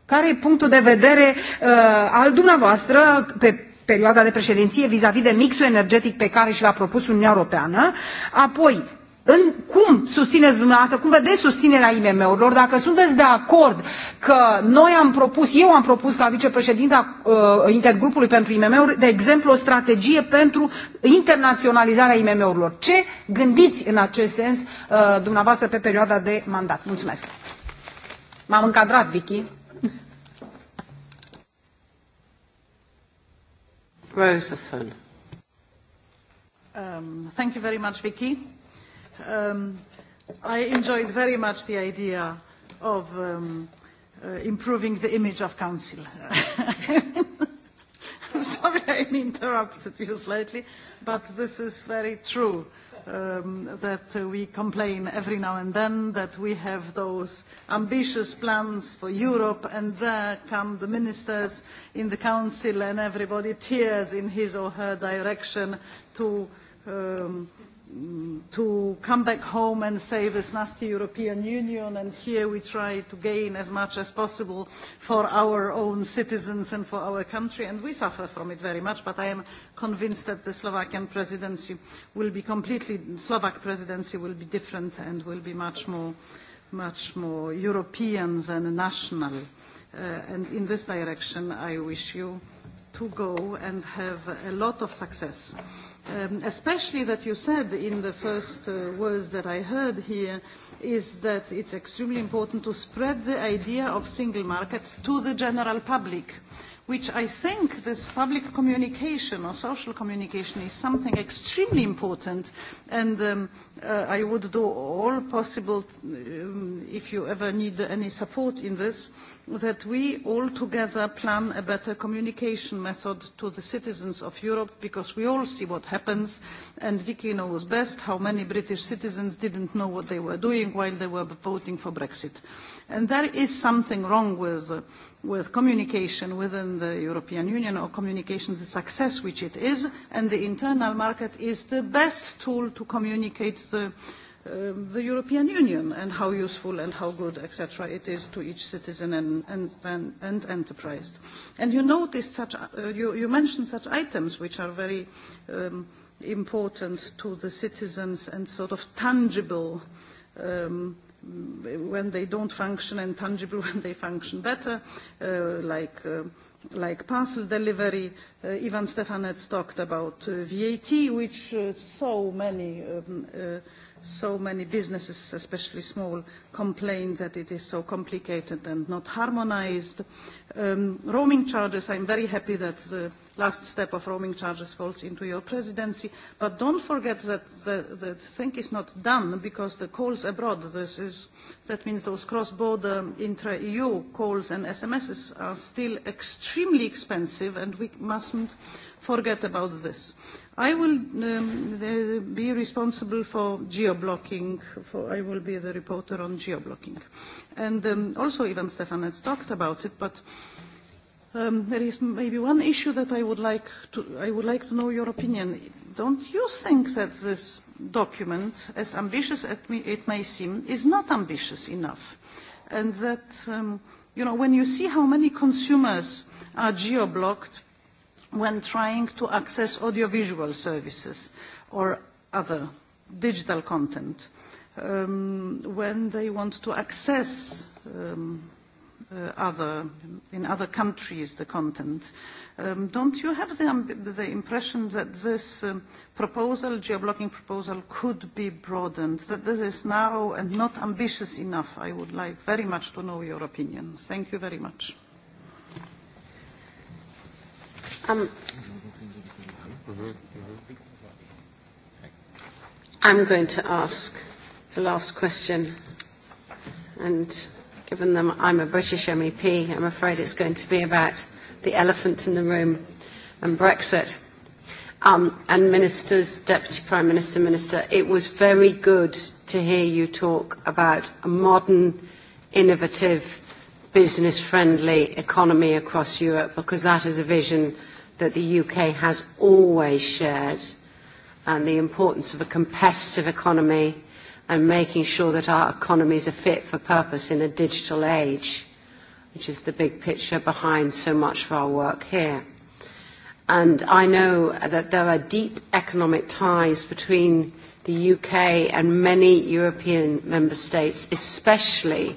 care e punctul de vedere uh, al dumneavoastră pe perioada de președinție vis-a-vis de mixul energetic pe care și l-a propus Uniunea Europeană? Apoi, în cum susțineți dumneavoastră, cum vedeți susținerea IMM-urilor, dacă sunteți de acord că noi am propus, eu am propus ca vicepreședinta uh, intergrupului pentru IMM-uri, de exemplu, o strategie pentru internaționalizarea IMM-urilor. Ce gândiți în acest sens uh, dumneavoastră pe perioada de mandat? Mulțumesc! M-am încadrat, Vicky. Um, thank you very much, Vicky. Um, I enjoyed very much the idea of um, improving the image of Council. I'm sorry I interrupted you slightly, but this is very true that we complain every now and then that we have those ambitious plans for Europe and there come the ministers in the council and everybody tears in his or her direction to to come back home and say this nasty European Union and here we try to gain as much as possible for our own citizens and for our country and we suffer from it very much but I am convinced that the Slovakian presidency will be completely, Slovak presidency will be different and will be much more much more European than national and in this direction I wish you to go and have a lot of success especially that you said in the first words that I heard here, is that it's extremely important to spread the idea of single market to the general public, which I think this public communication or social communication is something extremely important, and I would do all possible if you ever need any support in this that we all together plan a better communication method to the citizens of Europe because we all see what happens and Vicky knows best how many British citizens didn't know what they were doing while they were voting for Brexit. And there is something wrong with communication within the European Union or communication, the success which it is, and the internal market is the best tool to communicate the the European Union and how useful and how good, etc., it is to each citizen and and and enterprise. And you noticed such, you you mentioned such items which are very important to the citizens and sort of tangible when they don't function and tangible when they function better, like like parcel delivery. Ivan Stefanets talked about VAT, which so many so many businesses, especially small, complain that it is so complicated and not harmonized. Roaming charges, I'm very happy that the last step of roaming charges falls into your presidency, but don't forget that the thing is not done because the calls abroad, this is, that means those cross-border intra-EU calls and SMSs are still extremely expensive and we mustn't forget about this. I will be responsible for geo-blocking. I will be the reporter on geo-blocking. And also Ivan Stefan has talked about it, but there is maybe one issue that I would like to I would like to know your opinion. Don't you think that this document, as ambitious as it may seem, is not ambitious enough? And that, you know, when you see how many consumers are geo-blocked when trying to access audiovisual services or other digital content, when they want to access other in other countries the content. Don't you have the impression that this proposal, geoblocking proposal, could be broadened, that this is now and not ambitious enough? I would like very much to know your opinion. Thank you very much. I'm, going to ask the last question. And given that I'm a British MEP, I'm afraid it's going to be about the elephant in the room and Brexit. Um, and ministers, Deputy Prime Minister, Minister, it was very good to hear you talk about a modern, innovative business-friendly economy across Europe, because that is a vision that the UK has always shared, and the importance of a competitive economy and making sure that our economies are fit for purpose in a digital age, which is the big picture behind so much of our work here. And I know that there are deep economic ties between the UK and many European member states, especially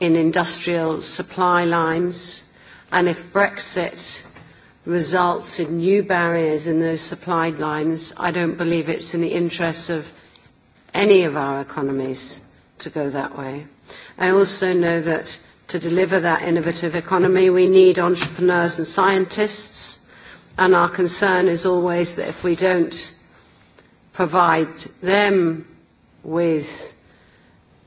in industrial supply lines, and if Brexit results in new barriers in those supply lines, I don't believe it's in the interests of any of our economies to go that way. I also know that to deliver that innovative economy, we need entrepreneurs and scientists, and our concern is always that if we don't provide them with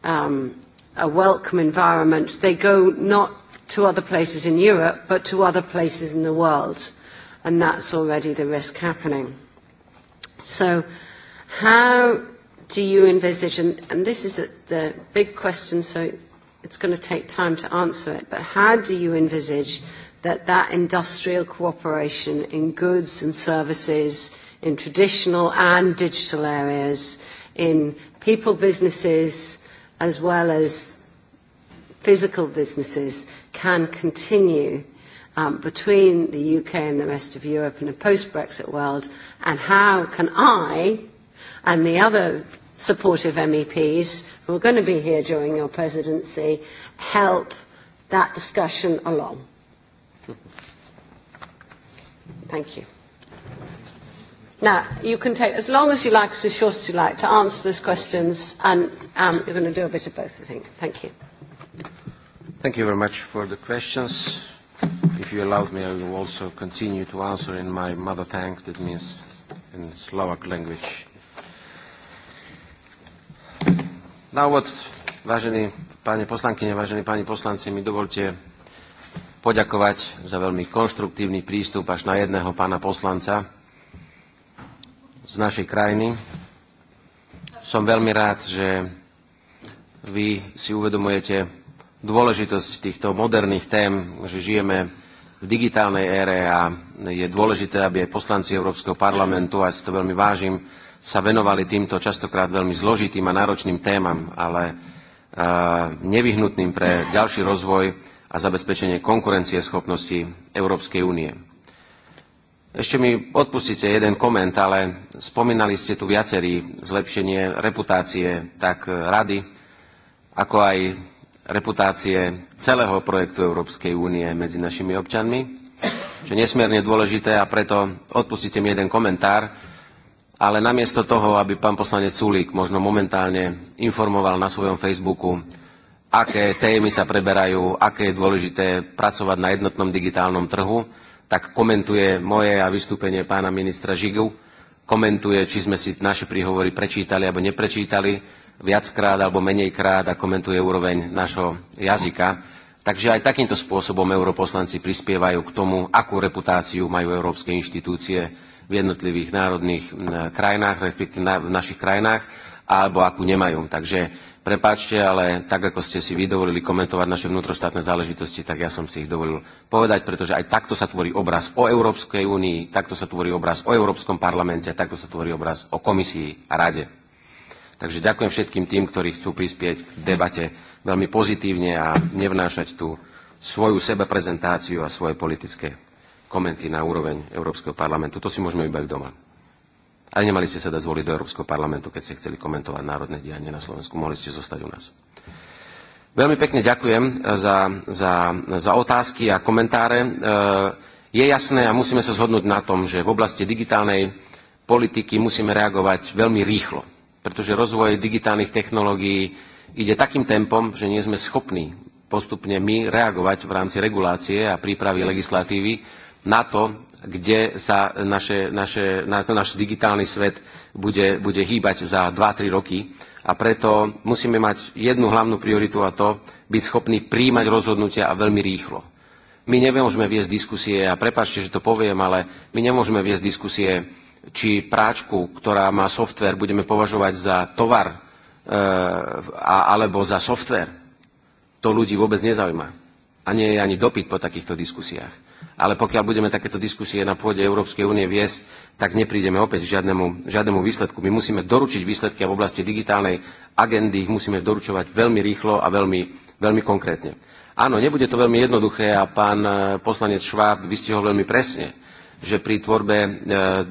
um a welcome environment. They go not to other places in Europe, but to other places in the world. And that's already the risk happening. So how do you envisage, and this is the big question, so it's going to take time to answer it, but how do you envisage that that industrial cooperation in goods and services, in traditional and digital areas, in people businesses, as well as physical businesses can continue between the UK and the rest of Europe in a post-Brexit world, and how can I and the other supportive MEPs who are going to be here during your presidency help that discussion along? Thank you. Now, you can take as long as you like, as short as you like, to answer those questions, and um, you're going to do a bit of both, I think. Thank you. Thank you very much for the questions. If you allow me, I will also continue to answer in my mother tongue, that means in Slovak language. Now what, vážení páni poslankyne, vážení páni poslanci, mi dovolte poďakovať za veľmi konštruktívny prístup až na jedného pána poslanca, z našej krajiny. Som veľmi rád, že vy si uvedomujete dôležitosť týchto moderných tém, že žijeme v digitálnej ére a je dôležité, aby aj poslanci Európskeho parlamentu, a si to veľmi vážim, sa venovali týmto častokrát veľmi zložitým a náročným témam, ale nevyhnutným pre ďalší rozvoj a zabezpečenie konkurencieschopnosti Európskej únie. Ešte mi odpustite jeden koment, ale spomínali ste tu viacerí zlepšenie reputácie tak rady, ako aj reputácie celého projektu Európskej únie medzi našimi občanmi, čo je nesmierne dôležité a preto odpustite mi jeden komentár, ale namiesto toho, aby pán poslanec Sulík možno momentálne informoval na svojom Facebooku, aké témy sa preberajú, aké je dôležité pracovať na jednotnom digitálnom trhu, tak komentuje moje a vystúpenie pána ministra Žigu, komentuje, či sme si naše príhovory prečítali alebo neprečítali viackrát alebo menejkrát a komentuje úroveň nášho jazyka. Takže aj takýmto spôsobom europoslanci prispievajú k tomu, akú reputáciu majú európske inštitúcie v jednotlivých národných krajinách, respektíve v našich krajinách, alebo akú nemajú. Takže Prepačte, ale tak, ako ste si vydovolili komentovať naše vnútroštátne záležitosti, tak ja som si ich dovolil povedať, pretože aj takto sa tvorí obraz o Európskej únii, takto sa tvorí obraz o Európskom parlamente, takto sa tvorí obraz o komisii a rade. Takže ďakujem všetkým tým, ktorí chcú prispieť k debate veľmi pozitívne a nevnášať tú svoju sebeprezentáciu a svoje politické komenty na úroveň Európskeho parlamentu. To si môžeme vybať doma. A nemali ste sa dať zvoliť do Európskeho parlamentu, keď ste chceli komentovať národné dianie na Slovensku. Mohli ste zostať u nás. Veľmi pekne ďakujem za, za, za otázky a komentáre. Je jasné a musíme sa zhodnúť na tom, že v oblasti digitálnej politiky musíme reagovať veľmi rýchlo, pretože rozvoj digitálnych technológií ide takým tempom, že nie sme schopní postupne my reagovať v rámci regulácie a prípravy legislatívy na to, kde sa naše, naše, na to náš digitálny svet bude, bude hýbať za 2-3 roky. A preto musíme mať jednu hlavnú prioritu a to byť schopní príjmať rozhodnutia a veľmi rýchlo. My nemôžeme viesť diskusie, a prepáčte, že to poviem, ale my nemôžeme viesť diskusie, či práčku, ktorá má software, budeme považovať za tovar e, a, alebo za software. To ľudí vôbec nezaujíma. A nie je ani dopyt po takýchto diskusiách ale pokiaľ budeme takéto diskusie na pôde Európskej únie viesť, tak neprídeme opäť žiadnemu, žiadnemu výsledku. My musíme doručiť výsledky a v oblasti digitálnej agendy ich musíme doručovať veľmi rýchlo a veľmi, veľmi konkrétne. Áno, nebude to veľmi jednoduché a pán poslanec Šváb vystihol veľmi presne, že pri tvorbe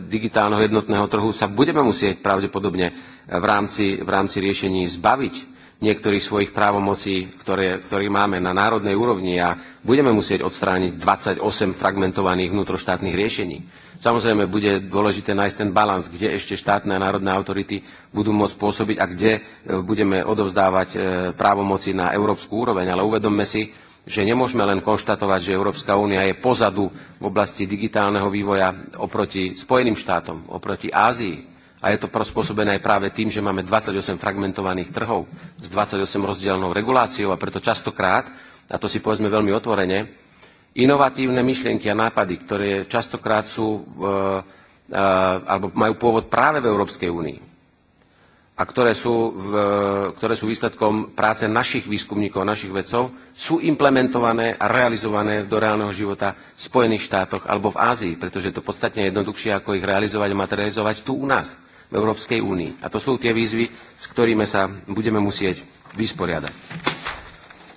digitálneho jednotného trhu sa budeme musieť pravdepodobne v rámci, v rámci riešení zbaviť niektorých svojich právomocí, ktoré, ktoré máme na národnej úrovni a budeme musieť odstrániť 28 fragmentovaných vnútroštátnych riešení. Samozrejme, bude dôležité nájsť ten balans, kde ešte štátne a národné autority budú môcť pôsobiť a kde budeme odovzdávať právomoci na európsku úroveň. Ale uvedomme si, že nemôžeme len konštatovať, že Európska únia je pozadu v oblasti digitálneho vývoja oproti Spojeným štátom, oproti Ázii, a je to spôsobené aj práve tým, že máme 28 fragmentovaných trhov s 28 rozdielnou reguláciou a preto častokrát, a to si povedzme veľmi otvorene, inovatívne myšlienky a nápady, ktoré častokrát sú alebo majú pôvod práve v Európskej únii a ktoré sú, ktoré sú výsledkom práce našich výskumníkov, našich vedcov, sú implementované a realizované do reálneho života v Spojených štátoch alebo v Ázii, pretože je to podstatne jednoduchšie, ako ich realizovať a materializovať tu u nás v Európskej únii. A to sú tie výzvy, s ktorými sa budeme musieť vysporiadať.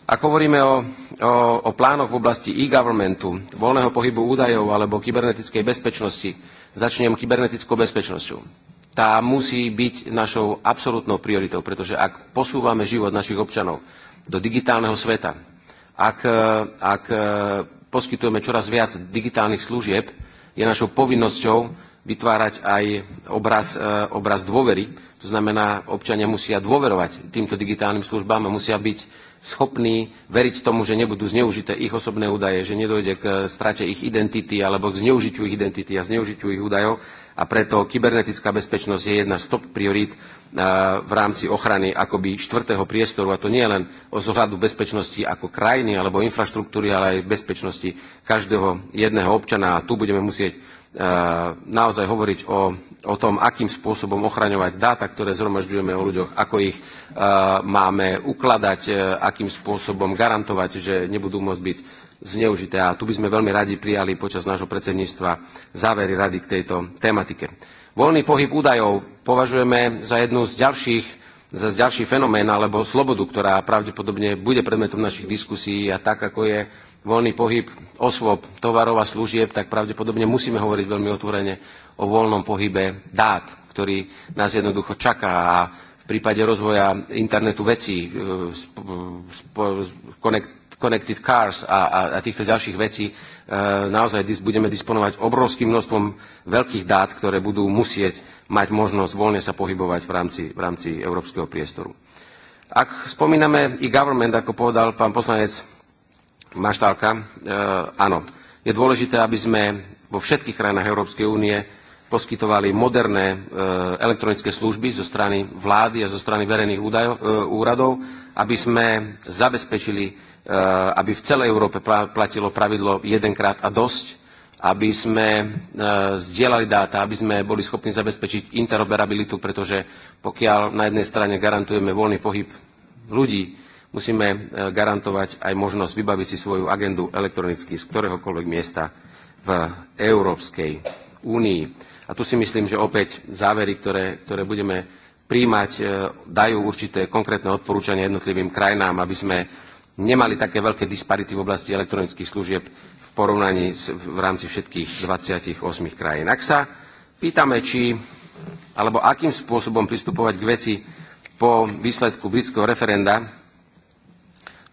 Ak hovoríme o, o, o plánoch v oblasti e-governmentu, voľného pohybu údajov alebo kybernetickej bezpečnosti, začnem kybernetickou bezpečnosťou. Tá musí byť našou absolútnou prioritou, pretože ak posúvame život našich občanov do digitálneho sveta, ak, ak poskytujeme čoraz viac digitálnych služieb, je našou povinnosťou vytvárať aj obraz, obraz dôvery. To znamená, občania musia dôverovať týmto digitálnym službám a musia byť schopní veriť tomu, že nebudú zneužité ich osobné údaje, že nedojde k strate ich identity alebo k zneužitiu ich identity a zneužitiu ich údajov. A preto kybernetická bezpečnosť je jedna z top priorít v rámci ochrany akoby štvrtého priestoru. A to nie len o zohľadu bezpečnosti ako krajiny alebo infraštruktúry, ale aj bezpečnosti každého jedného občana. A tu budeme musieť naozaj hovoriť o, o tom, akým spôsobom ochraňovať dáta, ktoré zhromažďujeme o ľuďoch, ako ich máme ukladať, akým spôsobom garantovať, že nebudú môcť byť zneužité. A tu by sme veľmi radi prijali počas nášho predsedníctva závery rady k tejto tematike. Voľný pohyb údajov považujeme za jednu z ďalších za ďalší fenomén alebo slobodu, ktorá pravdepodobne bude predmetom našich diskusí a tak, ako je voľný pohyb osôb, tovarov a služieb, tak pravdepodobne musíme hovoriť veľmi otvorene o voľnom pohybe dát, ktorý nás jednoducho čaká a v prípade rozvoja internetu vecí, connected cars a, týchto ďalších vecí, naozaj budeme disponovať obrovským množstvom veľkých dát, ktoré budú musieť mať možnosť voľne sa pohybovať v rámci, v rámci európskeho priestoru. Ak spomíname i government, ako povedal pán poslanec Maštálka, áno, je dôležité, aby sme vo všetkých krajinách Európskej únie poskytovali moderné elektronické služby zo strany vlády a zo strany verejných úradov, aby sme zabezpečili, aby v celej Európe platilo pravidlo jedenkrát a dosť, aby sme zdieľali dáta, aby sme boli schopní zabezpečiť interoperabilitu, pretože pokiaľ na jednej strane garantujeme voľný pohyb ľudí, musíme garantovať aj možnosť vybaviť si svoju agendu elektronicky z ktoréhokoľvek miesta v Európskej únii. A tu si myslím, že opäť závery, ktoré, ktoré budeme príjmať, dajú určité konkrétne odporúčania jednotlivým krajinám, aby sme nemali také veľké disparity v oblasti elektronických služieb v porovnaní v rámci všetkých 28 krajín. Ak sa pýtame, či alebo akým spôsobom pristupovať k veci po výsledku britského referenda,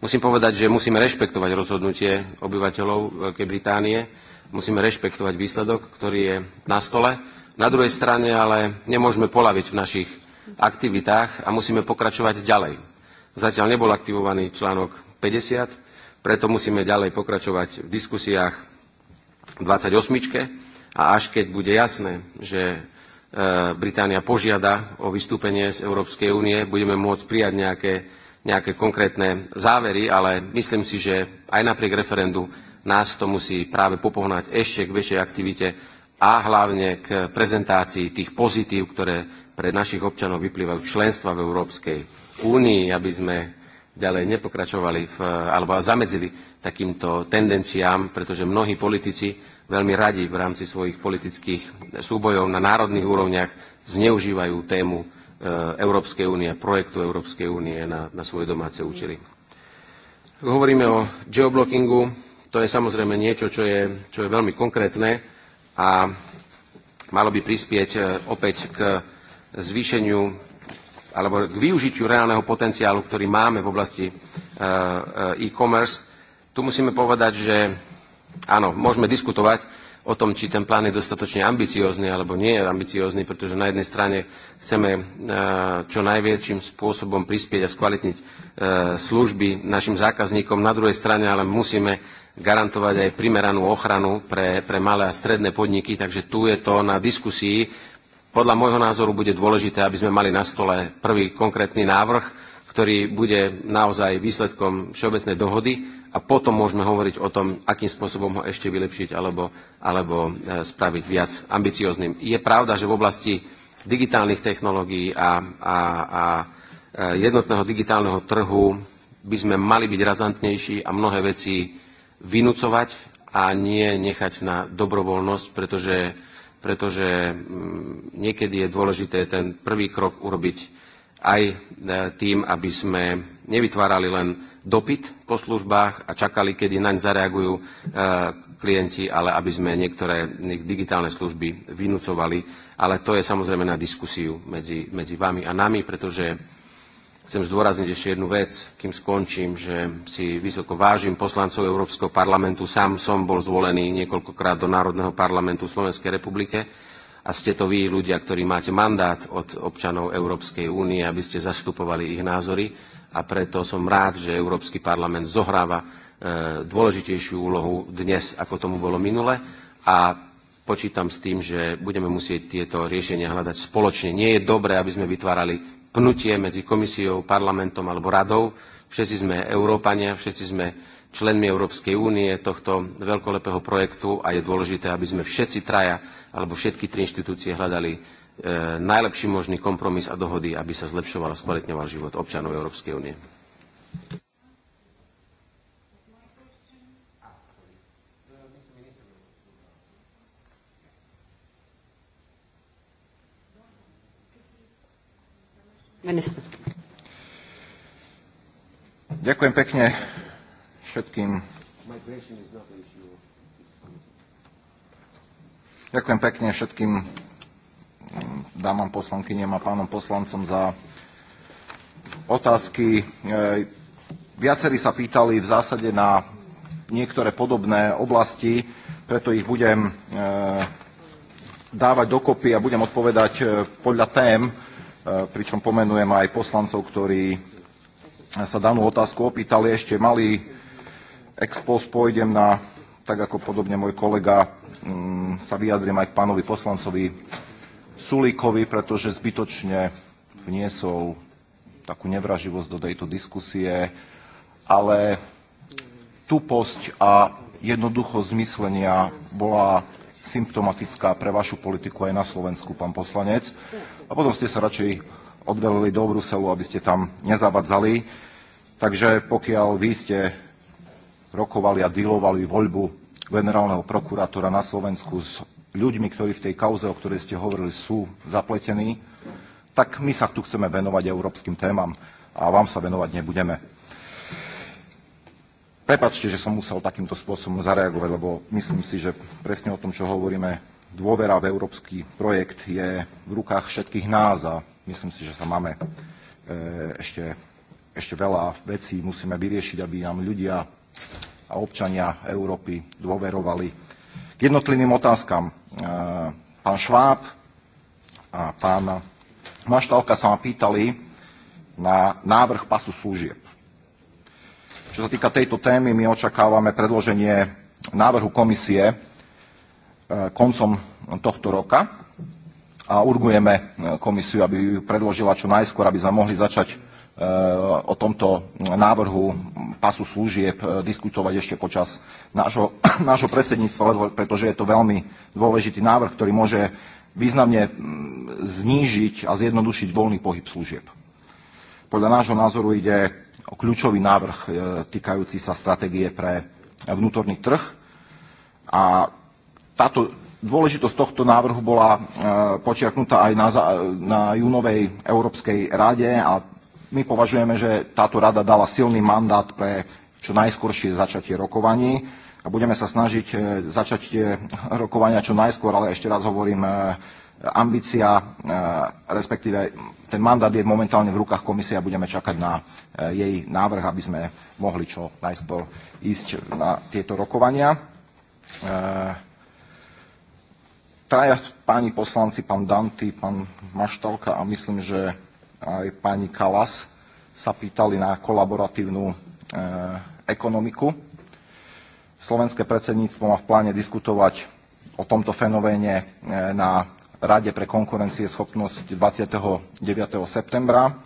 Musím povedať, že musíme rešpektovať rozhodnutie obyvateľov Veľkej Británie, musíme rešpektovať výsledok, ktorý je na stole. Na druhej strane ale nemôžeme polaviť v našich aktivitách a musíme pokračovať ďalej. Zatiaľ nebol aktivovaný článok 50, preto musíme ďalej pokračovať v diskusiách 28 a až keď bude jasné, že Británia požiada o vystúpenie z Európskej únie, budeme môcť prijať nejaké nejaké konkrétne závery, ale myslím si, že aj napriek referendu nás to musí práve popohnať ešte k väčšej aktivite a hlavne k prezentácii tých pozitív, ktoré pre našich občanov vyplývajú členstva v Európskej únii, aby sme ďalej nepokračovali v, alebo zamedzili takýmto tendenciám, pretože mnohí politici veľmi radi v rámci svojich politických súbojov na národných úrovniach zneužívajú tému Európskej únie, projektu Európskej únie na, na svoje domáce účely. Hovoríme o geoblockingu, to je samozrejme niečo, čo je, čo je veľmi konkrétne a malo by prispieť opäť k zvýšeniu alebo k využitiu reálneho potenciálu, ktorý máme v oblasti e-commerce. Tu musíme povedať, že áno, môžeme diskutovať, o tom, či ten plán je dostatočne ambiciózny alebo nie je ambiciózny, pretože na jednej strane chceme čo najväčším spôsobom prispieť a skvalitniť služby našim zákazníkom, na druhej strane ale musíme garantovať aj primeranú ochranu pre, malé a stredné podniky, takže tu je to na diskusii. Podľa môjho názoru bude dôležité, aby sme mali na stole prvý konkrétny návrh, ktorý bude naozaj výsledkom všeobecnej dohody a potom môžeme hovoriť o tom, akým spôsobom ho ešte vylepšiť alebo, alebo spraviť viac ambiciozným. Je pravda, že v oblasti digitálnych technológií a, a, a jednotného digitálneho trhu by sme mali byť razantnejší a mnohé veci vynúcovať a nie nechať na dobrovoľnosť, pretože, pretože niekedy je dôležité ten prvý krok urobiť aj tým, aby sme nevytvárali len dopyt po službách a čakali, kedy naň zareagujú klienti, ale aby sme niektoré digitálne služby vynúcovali. Ale to je samozrejme na diskusiu medzi, medzi vami a nami, pretože chcem zdôrazniť ešte jednu vec, kým skončím, že si vysoko vážim poslancov Európskeho parlamentu. Sám som bol zvolený niekoľkokrát do Národného parlamentu Slovenskej republike a ste to vy ľudia, ktorí máte mandát od občanov Európskej únie, aby ste zastupovali ich názory a preto som rád, že Európsky parlament zohráva dôležitejšiu úlohu dnes, ako tomu bolo minule a počítam s tým, že budeme musieť tieto riešenia hľadať spoločne. Nie je dobré, aby sme vytvárali pnutie medzi komisiou, parlamentom alebo radou. Všetci sme Európania, všetci sme členmi Európskej únie tohto veľkolepého projektu a je dôležité, aby sme všetci traja alebo všetky tri inštitúcie hľadali najlepší možný kompromis a dohody, aby sa zlepšoval a skvalitňoval život občanov Európskej únie. Ďakujem pekne všetkým. Ďakujem pekne všetkým dámam poslankyniam a pánom poslancom za otázky. Viacerí sa pýtali v zásade na niektoré podobné oblasti, preto ich budem dávať dokopy a budem odpovedať podľa tém, pričom pomenujem aj poslancov, ktorí sa danú otázku opýtali, ešte mali ex post pôjdem na, tak ako podobne môj kolega, sa vyjadrím aj k pánovi poslancovi Sulíkovi, pretože zbytočne vniesol takú nevraživosť do tejto diskusie, ale tuposť a jednoducho zmyslenia bola symptomatická pre vašu politiku aj na Slovensku, pán poslanec. A potom ste sa radšej odvelili do Bruselu, aby ste tam nezavadzali. Takže pokiaľ vy ste rokovali a dílovali voľbu generálneho prokurátora na Slovensku s ľuďmi, ktorí v tej kauze, o ktorej ste hovorili, sú zapletení, tak my sa tu chceme venovať európskym témam a vám sa venovať nebudeme. Prepačte, že som musel takýmto spôsobom zareagovať, lebo myslím si, že presne o tom, čo hovoríme, dôvera v európsky projekt je v rukách všetkých nás a myslím si, že sa máme ešte, ešte veľa vecí musíme vyriešiť, aby nám ľudia a občania Európy dôverovali. K jednotlivým otázkam pán Šváb a pán Maštalka sa ma pýtali na návrh pasu služieb. Čo sa týka tejto témy, my očakávame predloženie návrhu komisie koncom tohto roka a urgujeme komisiu, aby ju predložila čo najskôr, aby sme mohli začať o tomto návrhu pasu služieb diskutovať ešte počas nášho, predsedníctva, pretože je to veľmi dôležitý návrh, ktorý môže významne znížiť a zjednodušiť voľný pohyb služieb. Podľa nášho názoru ide o kľúčový návrh týkajúci sa stratégie pre vnútorný trh a táto Dôležitosť tohto návrhu bola počiaknutá aj na, na júnovej Európskej rade a My považujeme, že táto rada dala silný mandát pre čo najskoršie začatie rokovaní a budeme sa snažiť začať tie rokovania čo najskôr, ale ešte raz hovorím, ambícia, respektíve ten mandát je momentálne v rukách komisie a budeme čakať na jej návrh, aby sme mohli čo najskôr ísť na tieto rokovania. Traja páni poslanci, pán Danty, pán Maštalka a myslím, že aj pani Kalas sa pýtali na kolaboratívnu ekonomiku. Slovenské predsedníctvo má v pláne diskutovať o tomto fenoméne na Rade pre konkurencieschopnosť 29. septembra.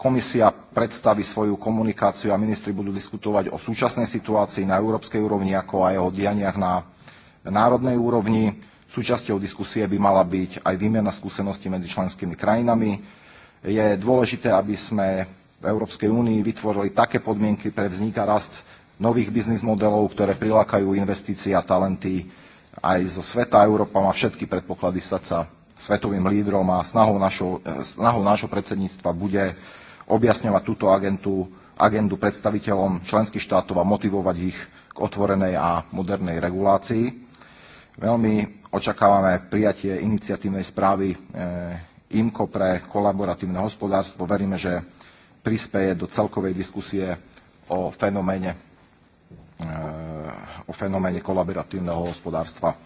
Komisia predstaví svoju komunikáciu a ministri budú diskutovať o súčasnej situácii na európskej úrovni, ako aj o dianiach na národnej úrovni. Súčasťou diskusie by mala byť aj výmena skúseností medzi členskými krajinami, je dôležité, aby sme v Európskej únii vytvorili také podmienky pre vznik a rast nových biznis modelov, ktoré prilákajú investície a talenty aj zo sveta. Európa má všetky predpoklady stať sa svetovým lídrom a snahou, našo, snahou nášho predsedníctva bude objasňovať túto agentu, agendu predstaviteľom členských štátov a motivovať ich k otvorenej a modernej regulácii. Veľmi očakávame prijatie iniciatívnej správy IMCO pre kolaboratívne hospodárstvo. Veríme, že prispeje do celkovej diskusie o fenoméne, o fenoméne kolaboratívneho hospodárstva.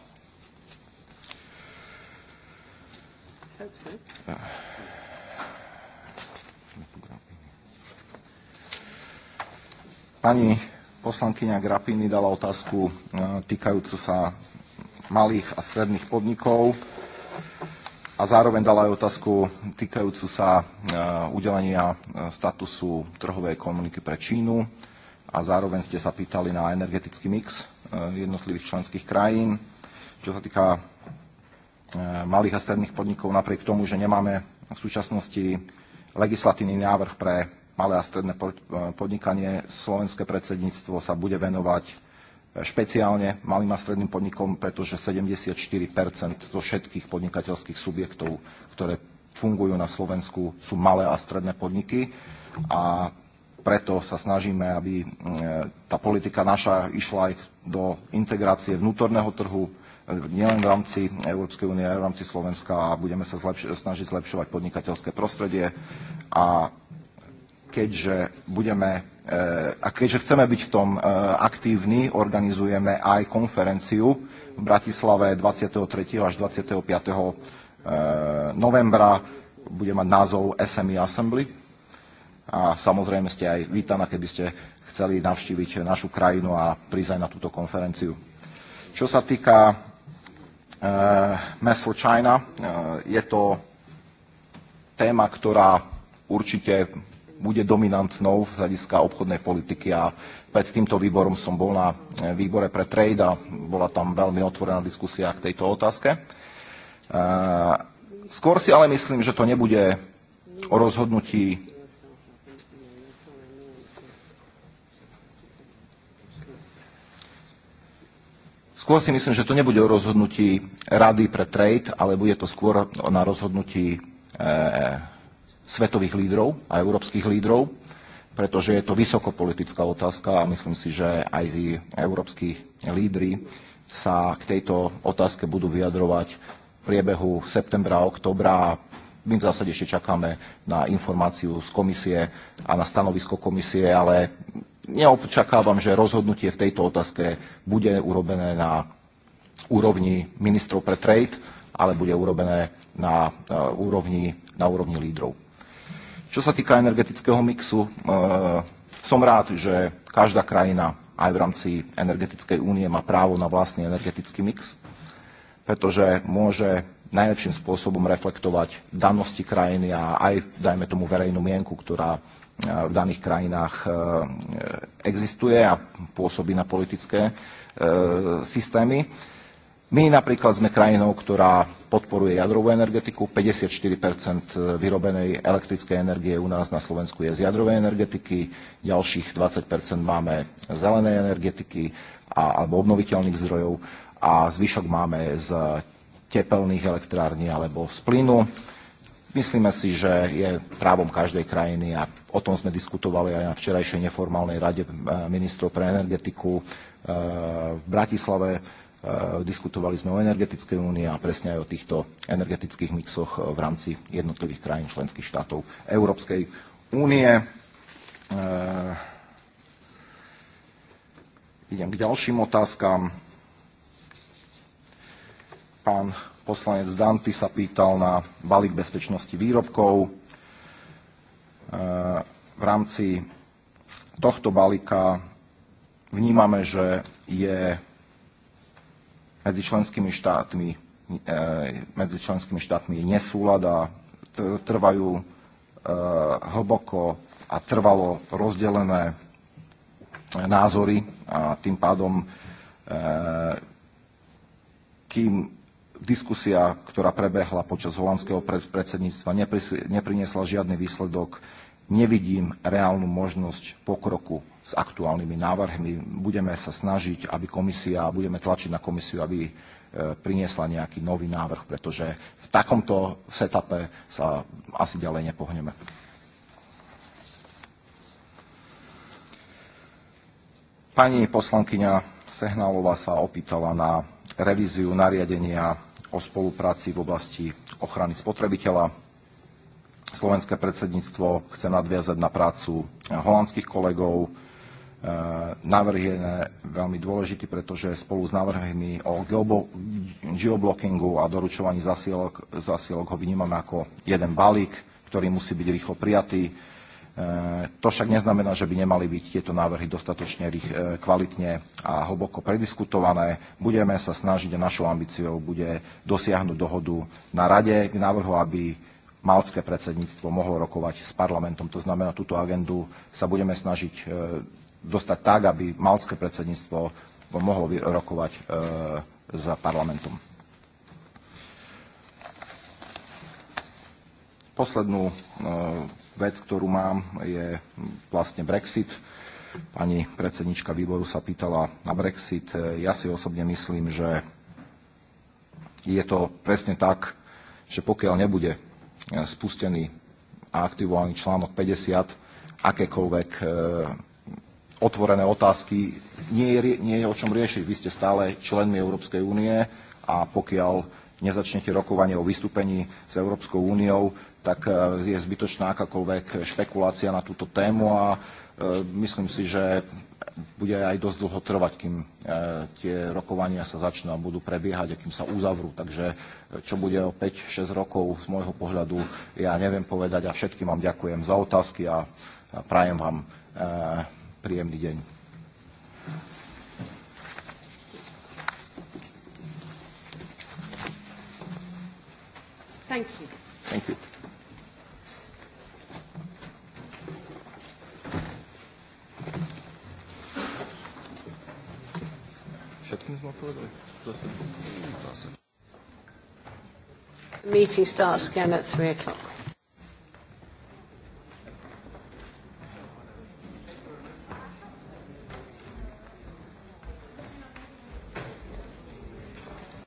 Pani poslankyňa Grapini dala otázku týkajúcu sa malých a stredných podnikov a zároveň dala aj otázku týkajúcu sa udelenia statusu trhovej ekonomiky pre Čínu a zároveň ste sa pýtali na energetický mix jednotlivých členských krajín. Čo sa týka malých a stredných podnikov, napriek tomu, že nemáme v súčasnosti legislatívny návrh pre malé a stredné podnikanie, slovenské predsedníctvo sa bude venovať špeciálne malým a stredným podnikom, pretože 74 zo všetkých podnikateľských subjektov, ktoré fungujú na Slovensku, sú malé a stredné podniky a preto sa snažíme, aby tá politika naša išla aj do integrácie vnútorného trhu, nielen v rámci Európskej únie, aj v rámci Slovenska a budeme sa zlepš- snažiť zlepšovať podnikateľské prostredie a keďže budeme A keďže chceme byť v tom aktívni, organizujeme aj konferenciu v Bratislave 23. až 25. novembra. Bude mať názov SME Assembly. A samozrejme ste aj vítaná, keby ste chceli navštíviť našu krajinu a prísť aj na túto konferenciu. Čo sa týka Mass for China, je to téma, ktorá určite bude dominantnou z hľadiska obchodnej politiky a pred týmto výborom som bol na výbore pre trade a bola tam veľmi otvorená diskusia k tejto otázke. Skôr si ale myslím, že to nebude o rozhodnutí Skôr si myslím, že to nebude o rozhodnutí Rady pre trade, ale bude to skôr na rozhodnutí svetových lídrov a európskych lídrov, pretože je to vysokopolitická otázka a myslím si, že aj tí európsky lídry sa k tejto otázke budú vyjadrovať v priebehu septembra a oktobra my v zásade ešte čakáme na informáciu z komisie a na stanovisko komisie, ale neočakávam, že rozhodnutie v tejto otázke bude urobené na úrovni ministrov pre trade, ale bude urobené na úrovni, na úrovni lídrov. Čo sa týka energetického mixu, som rád, že každá krajina aj v rámci energetickej únie má právo na vlastný energetický mix, pretože môže najlepším spôsobom reflektovať danosti krajiny a aj, dajme tomu, verejnú mienku, ktorá v daných krajinách existuje a pôsobí na politické systémy. My napríklad sme krajinou, ktorá podporuje jadrovú energetiku. 54 vyrobenej elektrickej energie u nás na Slovensku je z jadrovej energetiky, ďalších 20 máme zelenej energetiky a, alebo obnoviteľných zdrojov a zvyšok máme z tepelných elektrární alebo z plynu. Myslíme si, že je právom každej krajiny a o tom sme diskutovali aj na včerajšej neformálnej rade ministrov pre energetiku v Bratislave Diskutovali sme o energetickej únii a presne aj o týchto energetických mixoch v rámci jednotlivých krajín členských štátov Európskej únie. Idem k ďalším otázkam. Pán poslanec Danty sa pýtal na balík bezpečnosti výrobkov. V rámci tohto balíka vnímame, že je medzi členskými štátmi, medzi členskými štátmi je nesúlad a trvajú hlboko a trvalo rozdelené názory a tým pádom kým diskusia, ktorá prebehla počas holandského predsedníctva, nepriniesla žiadny výsledok, nevidím reálnu možnosť pokroku s aktuálnymi návrhmi. Budeme sa snažiť, aby komisia, budeme tlačiť na komisiu, aby priniesla nejaký nový návrh, pretože v takomto setape sa asi ďalej nepohneme. Pani poslankyňa Sehnálová sa opýtala na revíziu nariadenia o spolupráci v oblasti ochrany spotrebiteľa. Slovenské predsedníctvo chce nadviazať na prácu holandských kolegov. Návrh je veľmi dôležitý, pretože spolu s návrhmi o geoblockingu a doručovaní zasielok, zasielok ho vnímame ako jeden balík, ktorý musí byť rýchlo prijatý. To však neznamená, že by nemali byť tieto návrhy dostatočne kvalitne a hlboko prediskutované. Budeme sa snažiť a našou ambíciou bude dosiahnuť dohodu na rade k návrhu, aby maltské predsedníctvo mohlo rokovať s parlamentom. To znamená, túto agendu sa budeme snažiť dostať tak, aby maltské predsedníctvo mohlo rokovať s parlamentom. Poslednú vec, ktorú mám, je vlastne Brexit. Pani predsednička výboru sa pýtala na Brexit. Ja si osobne myslím, že je to presne tak, že pokiaľ nebude spustený a aktivovaný článok 50, akékoľvek otvorené otázky. Nie je, nie o čom riešiť. Vy ste stále členmi Európskej únie a pokiaľ nezačnete rokovanie o vystúpení s Európskou úniou, tak je zbytočná akákoľvek špekulácia na túto tému a myslím si, že bude aj dosť dlho trvať, kým tie rokovania sa začnú a budú prebiehať a kým sa uzavrú. Takže čo bude o 5-6 rokov z môjho pohľadu, ja neviem povedať a všetkým vám ďakujem za otázky a prajem vám príjemný deň. Thank you. Thank you. Meeting starts again at 3 o'clock.